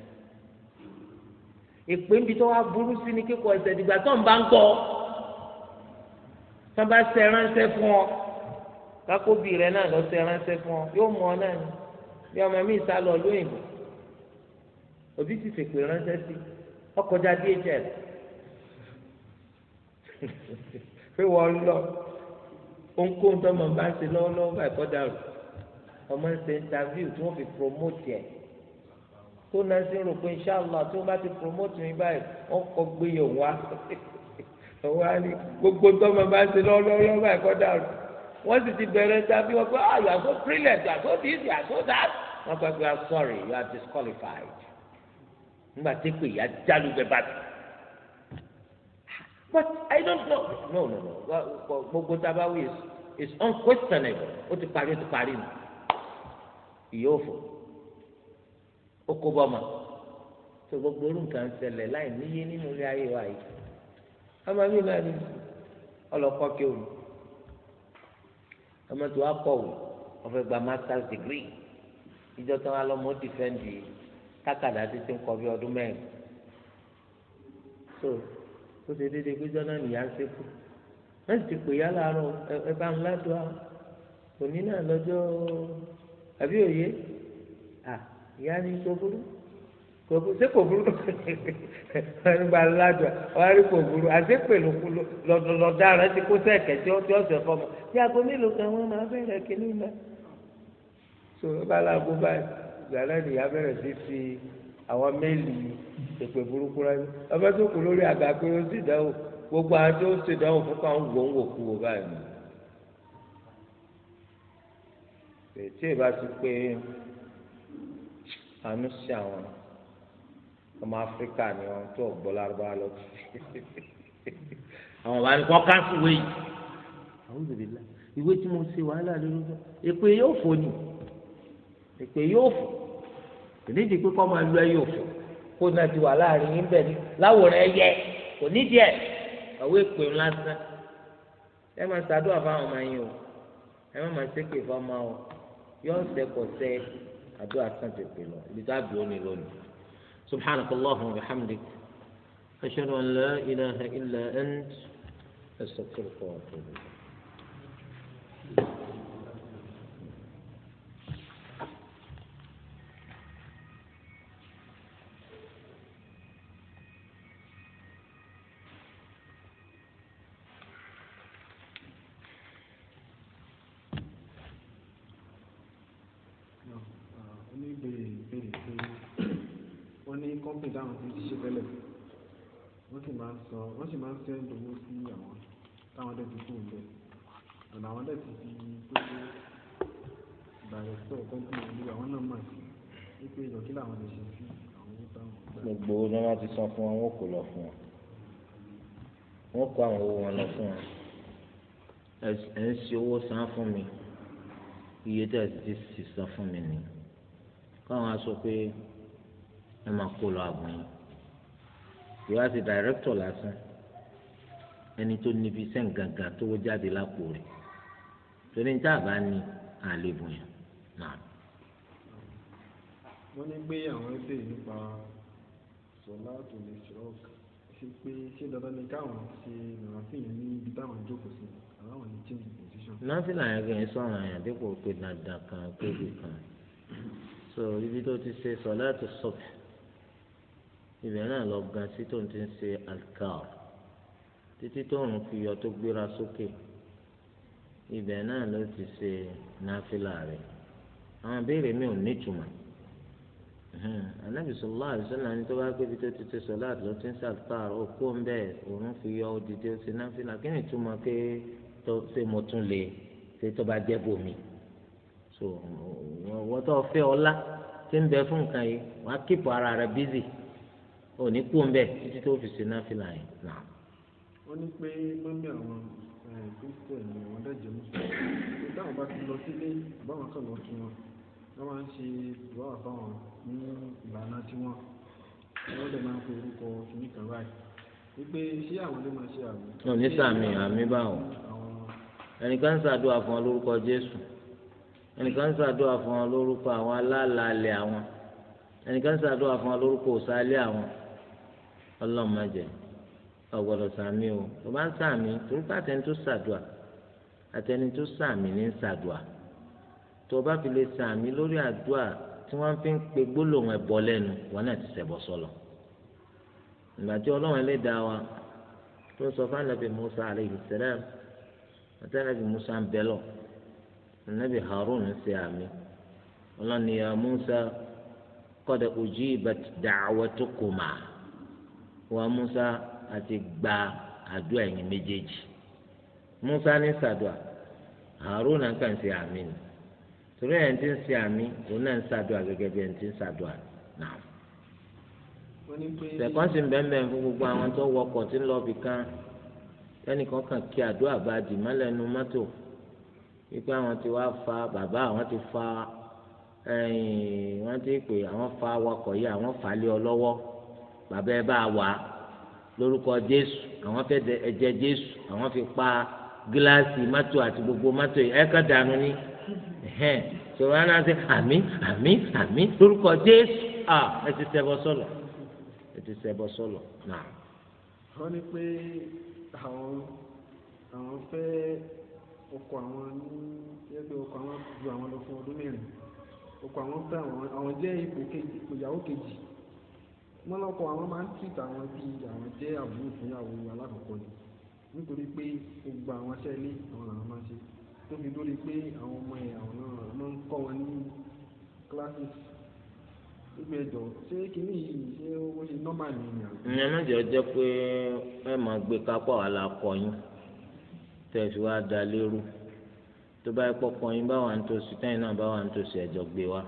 i èpè níbi tó wá burú sí ni kíkọ ẹsẹ̀ dìgbà tó ń bá ń gbọ́ tó ń bá ṣe ránṣẹ́ fún ọ kákóbì rẹ náà lọ ṣe ránṣẹ́ fún ọ yóò mọ ọ náà ni bí ọmọ mi sá lọ lóyìnbó òbí ti fèpè ránṣẹ́ sí ọkọjá DHL pé wọ́n lọ ohunkóhun tó máa bá ń ṣe lọ́wọ́lọ́wọ́ báyìí kọ́ dàrú ọmọ ń ṣe interview tí wọ́n fi promote ẹ̀ tó náà sí rò pé inṣàlá tí wọ́n bá ti promote mi báyìí wọ́n kọ́ gbé yòó wá wá ní gbogbo tó máa bá ń ṣe lọ́wọ́lọ́wọ́ báyìí kọ́ dàrú wọ́n sì ti bẹ̀rẹ̀ interview wọn pé ah you are so brilliant you are so this you are so that wọ́n pẹ́ pé i'm ah, sorry you are disqualified nígbà tí pé ìyá jálù bá ti but I don't know no no no gbogbo tá a is is unquestionable ó ti parí ó ti parí nù ìyóòfò ó kó bọ́mọ tó gbogbo orú nǹkan ṣẹlẹ̀ láì níyé nínú ilé ayé wa yìí ọmọ mi náà ni ọlọ́kọ́ kí òun ọmọ tó wá wò ọ̀fẹ́ gba masters degree ìjọ tó wá lọ́mọ ó dìfẹ́ǹdì tákàdá títí ń kọ bí ọdún mẹ́rin so ó ṣe déédéé pé jọ́nà nìyá ń ṣekú wọ́n sì ti pè yá láàárọ̀ ẹ bá ń ládùá òní náà lọ́jọ́ àbí òye ìyá ni kò burú kò burú ṣé kò burú nígbà ládùá wọ́n á rí kò burú àṣepè ló kú lọ́dọ̀ rẹ ti kó sẹ́ẹ̀kẹ́ tí ó ti ọ̀sẹ̀ fọmọ bí aago mélòó kan wọ́n máa bẹ̀rẹ̀ kínní náà tó bá láago báyìí gbàlẹ́ nìyá bẹ̀rẹ̀ sí fi àwọn méèlì ìpè burúkú rẹ ọbẹ̀ tó kù lórí àga pé ó sì dánwò gbogbo àwọn tó ń ṣèdánwò fún káwọn wò ń wò kú wò báyìí. tí ìbá ti pé àánú sí àwọn ọmọ áfíríkà ni wọn tó gbọ́ lárúbá lọ àwọn bá ní kọ́ káńsù wéyì àwọn òbí la ìwé tí mo ṣe wàhálà lórí èpè yóò fò ní èpè yóò fò nídìí pé kọ́ máa lu ẹyọ òfò kó náà ti wà láàrin yín bẹ́ẹ̀ ni láwòrán ẹyẹ kò nídìí ẹ̀ ọ̀wé pè ń lásán ẹ máa ṣàdúrà fáwọn ọmọ yín o ẹ má máa ṣépè fọmọ o yóò ṣẹkọ̀ ṣẹ àdúrà sàn tètè lọ ibi tá a dùn ní lónìí subhanaka allahumma wa bihamdik ashhadu an la ilaha illa ant astaghfiruka wa táwọn ti ṣiṣẹ́ tẹ́lẹ̀ wọ́n sì máa ń sọ wọ́n sì máa ń sẹ́ńd owó sí àwọn táwọn dẹ̀ ti fún un bẹ́ẹ̀ ọ̀nà àwọn dẹ̀ ti fi pépé ìbàrẹ̀ sọ̀ kọ́ńtì ìlú àwọn náà mà sí wípé ìjọkí làwọn lè ṣe sí àwọn owó táwọn gbà. gbogbo ní wọn ti san fún wọn wọn kò lọ fún wọn wọn kó àwọn owó wọn lọ fún wọn ẹ ń ṣe owó san fún mi iye tí a ti san fún mi ni káwọn aṣọ pé ẹ máa kó lọ àbọ̀ yín ìwà sí dàrẹ́kítọ̀ lásán ẹni tó níbi iṣẹ́ gàgà tó wọ́n jáde lápò rẹ̀ torí ní táàbà ni àlebùn yẹn náà. wọ́n ní pé àwọn ẹgbẹ́ nípa sọlá tó lè ṣọ́ọ̀kì ṣe pé ṣé dandan ni káwọn ṣe ìrántí yẹn ní ibi táwọn jókòó sí àwọn ní change position. nọ́ọ̀sìlà yẹn gbìyànjú sọ̀rọ̀ yẹn dípò pé dandan kan pé bì kan so ibi tó ti ṣe sọlá tó sọ̀kì ibẹ̀ náà lọ ga sí tó ń ti ń ṣe alkaar títí tó ń fi yọ tó gbéra sókè ibẹ̀ náà ló ti ṣe náfìlà rẹ̀ àwọn béèrè mi ò nítumọ̀ anabi sọlá àdìsọ́nà ni tó bá pé ibi tó ti ti sọlá àdìsọ́ ti ń ṣàlùkàr òkú ń bẹ́ẹ̀ òun fi yọ odidi ó ṣe náfìlà kí ni túmọ̀ pé tó ṣe mo tún lè ṣe tó bá jẹ́ bòmí so wọ́n tó fẹ́ ọlá tí ń bẹ fún nǹkan yìí wọ́n á kíkọ́ ò ní kú ń bẹ títí tó fi ṣe náfìlà yẹn nà. ó ní pé mọ́mí àwọn kristian ni àwọn dájọ́ mùsùlùmí táwọn bá ti lọ sílé báwọn kan lọ kí wọn wọ́n máa ń ṣe ìwà àbáwọn ní ìlànà tiwọn wọ́n lè máa ń pe orúkọ kìíní kan báyìí wípé ṣé àwọn ló máa ṣe àmì. náà ní sàmì àmì báwọn ẹnìkan ń ṣàdúrà fún ọ lórúkọ Jésù ẹnìkan ń ṣàdúrà fún ọ lórúkọ àwọn alálàálẹ̀ àwọn ẹnìkan ń ṣàdúrà fún ọ lórúkọ òsàlẹ̀ àwọn ọlọ́mọdé ọ̀gbọ́dọ̀ sàmì o tó bá ń sàmì torí pé àtẹni tó sàdùà àtẹni tó sàmì ní sàdùà tó bá fi lè sàmì lórí àdùà tí wọ́n fi ń pe gbólóhùn ẹ̀bọ lẹ́nu wọn náà ti ṣẹbọ sọlọ ìgbà tí ọlọ́run ẹlẹ́dàá wa tó sọ fún anabi musa aleyhi sẹlẹm àti anabi musa ń bẹ lọ anabi harun ń ṣe àmì ọlọ́ni ya musa qad ujibat da'watukuma wa musa àti gba àdúrà ẹ̀yin méjèèjì musa ní sàdùà harun náà kàn sí àmì ni torí ẹni tí ń ṣe àmì òun náà ń sàdùà gẹ́gẹ́ bí ẹni tí ń sàdùà náà. sẹ̀kọ́n sì ń bẹ́ẹ̀ fún gbogbo àwọn tó wọkọ̀ tí ń lọ bì kan ẹnìkan kàn kí àdúrà bá dì mọ́lẹ́nu mọ́tò wípé àwọn ti wá fa bàbá àwọn ti fa ẹ̀yìn wọ́n ti pè àwọn fa awakọ̀ yìí àwọn fà lé ọ lọ́wọ́ bàbá ẹ bá wà lórúkọ jésù àwọn fẹ́ ẹ̀jẹ̀ jésù àwọn fi pa gíláàsì mọ́tò àti gbogbo mọ́tò yìí ẹ̀ka dànù ni sọ̀rọ̀ àná ṣe àmì àmì àmì lórúkọ jésù ẹ ti ṣẹbọ sọlọ ẹ ti ṣẹbọ sọlọ náà. wọ́n ní pé àwọn àwọn fẹ́ ọkọ̀ àwọn ní ẹgbẹ́ ọkọ̀ àwọn ju àwọn lọ fún ọdún mẹ́rin ọkọ̀ àwọn fẹ́ àwọn jẹ́ ipò kejì ìyàwó kejì wọ́n lọ́kọ̀ àwọn máa ń tìtà àwọn bí àwọn jẹ́ àbúrò fún ìyàwó ni nítorí pé gbogbo àwọn aṣẹ́ ilé àwọn làwọn máa ń ṣe tó fi dórí pé àwọn ọmọ ẹ̀ àwọn náà máa ń kọ́ wọn ní classes gbígbé ẹ̀dọ̀ ṣé kínní yìí ṣé owó ṣe normal ni ni àgbẹ̀. ìyẹn náà jẹ́ jẹ́ pé ẹ máa gbé kápá wà lákọ̀ yín tẹ̀sí wá da lérú tó bá yẹ pọ̀ kọ́ báwa ń tòṣì tẹ́yìn náà báwa ń tòṣì ẹ̀jọ̀ gbé wa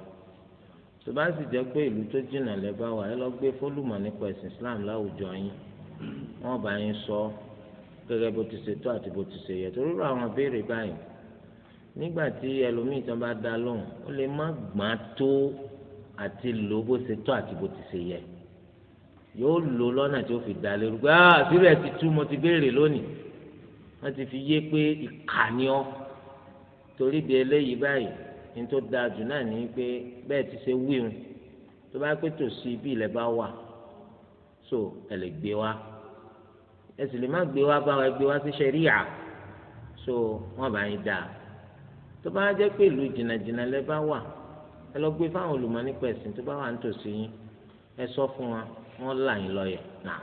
tó bá sì jẹ́ pé ìlú tó jìnnà lẹ́bá wa ẹ lọ gbé fólùmọ̀ nípa ẹ̀sìn Islam láwùjọ yín wọ́n bá yín sọ gẹ́gẹ́ bó ti ṣe tó àti bó ti ṣe yẹ torí rú àwọn béèrè báyìí nígbà tí ẹlòmíì tán bá dá lóhùn ó lè má gbọ́n tó àti lò bó ṣe tó àti bó ti ṣe yẹ yóò lò lọ́nà tí ó fi dá lérú pé ah àbí rẹ̀ ti tú mo ti béèrè lónìí wọ́n ti fi yé pé ìkànnì ọ́ torí bí eléyìí báyìí ní tó dáa jù náà ní pé bẹ́ẹ̀ ti ṣe wíwùn tó bá pé tòsí ibi ilẹ̀ bá wà so ẹ lè gbé wá ẹ sì lè má gbé wá bá wa ẹ gbé wá sí ṣẹríà so wọn bá yín dáa tó bá jẹ́ pé ìlú jìnnàjìnnà lẹ bá wà ẹ lọ gbé fáwọn olùmọ̀ nípa ẹ̀sìn tó bá wà nítòsí yín ẹ sọ fún wa wọn là yín lọ yẹ náà.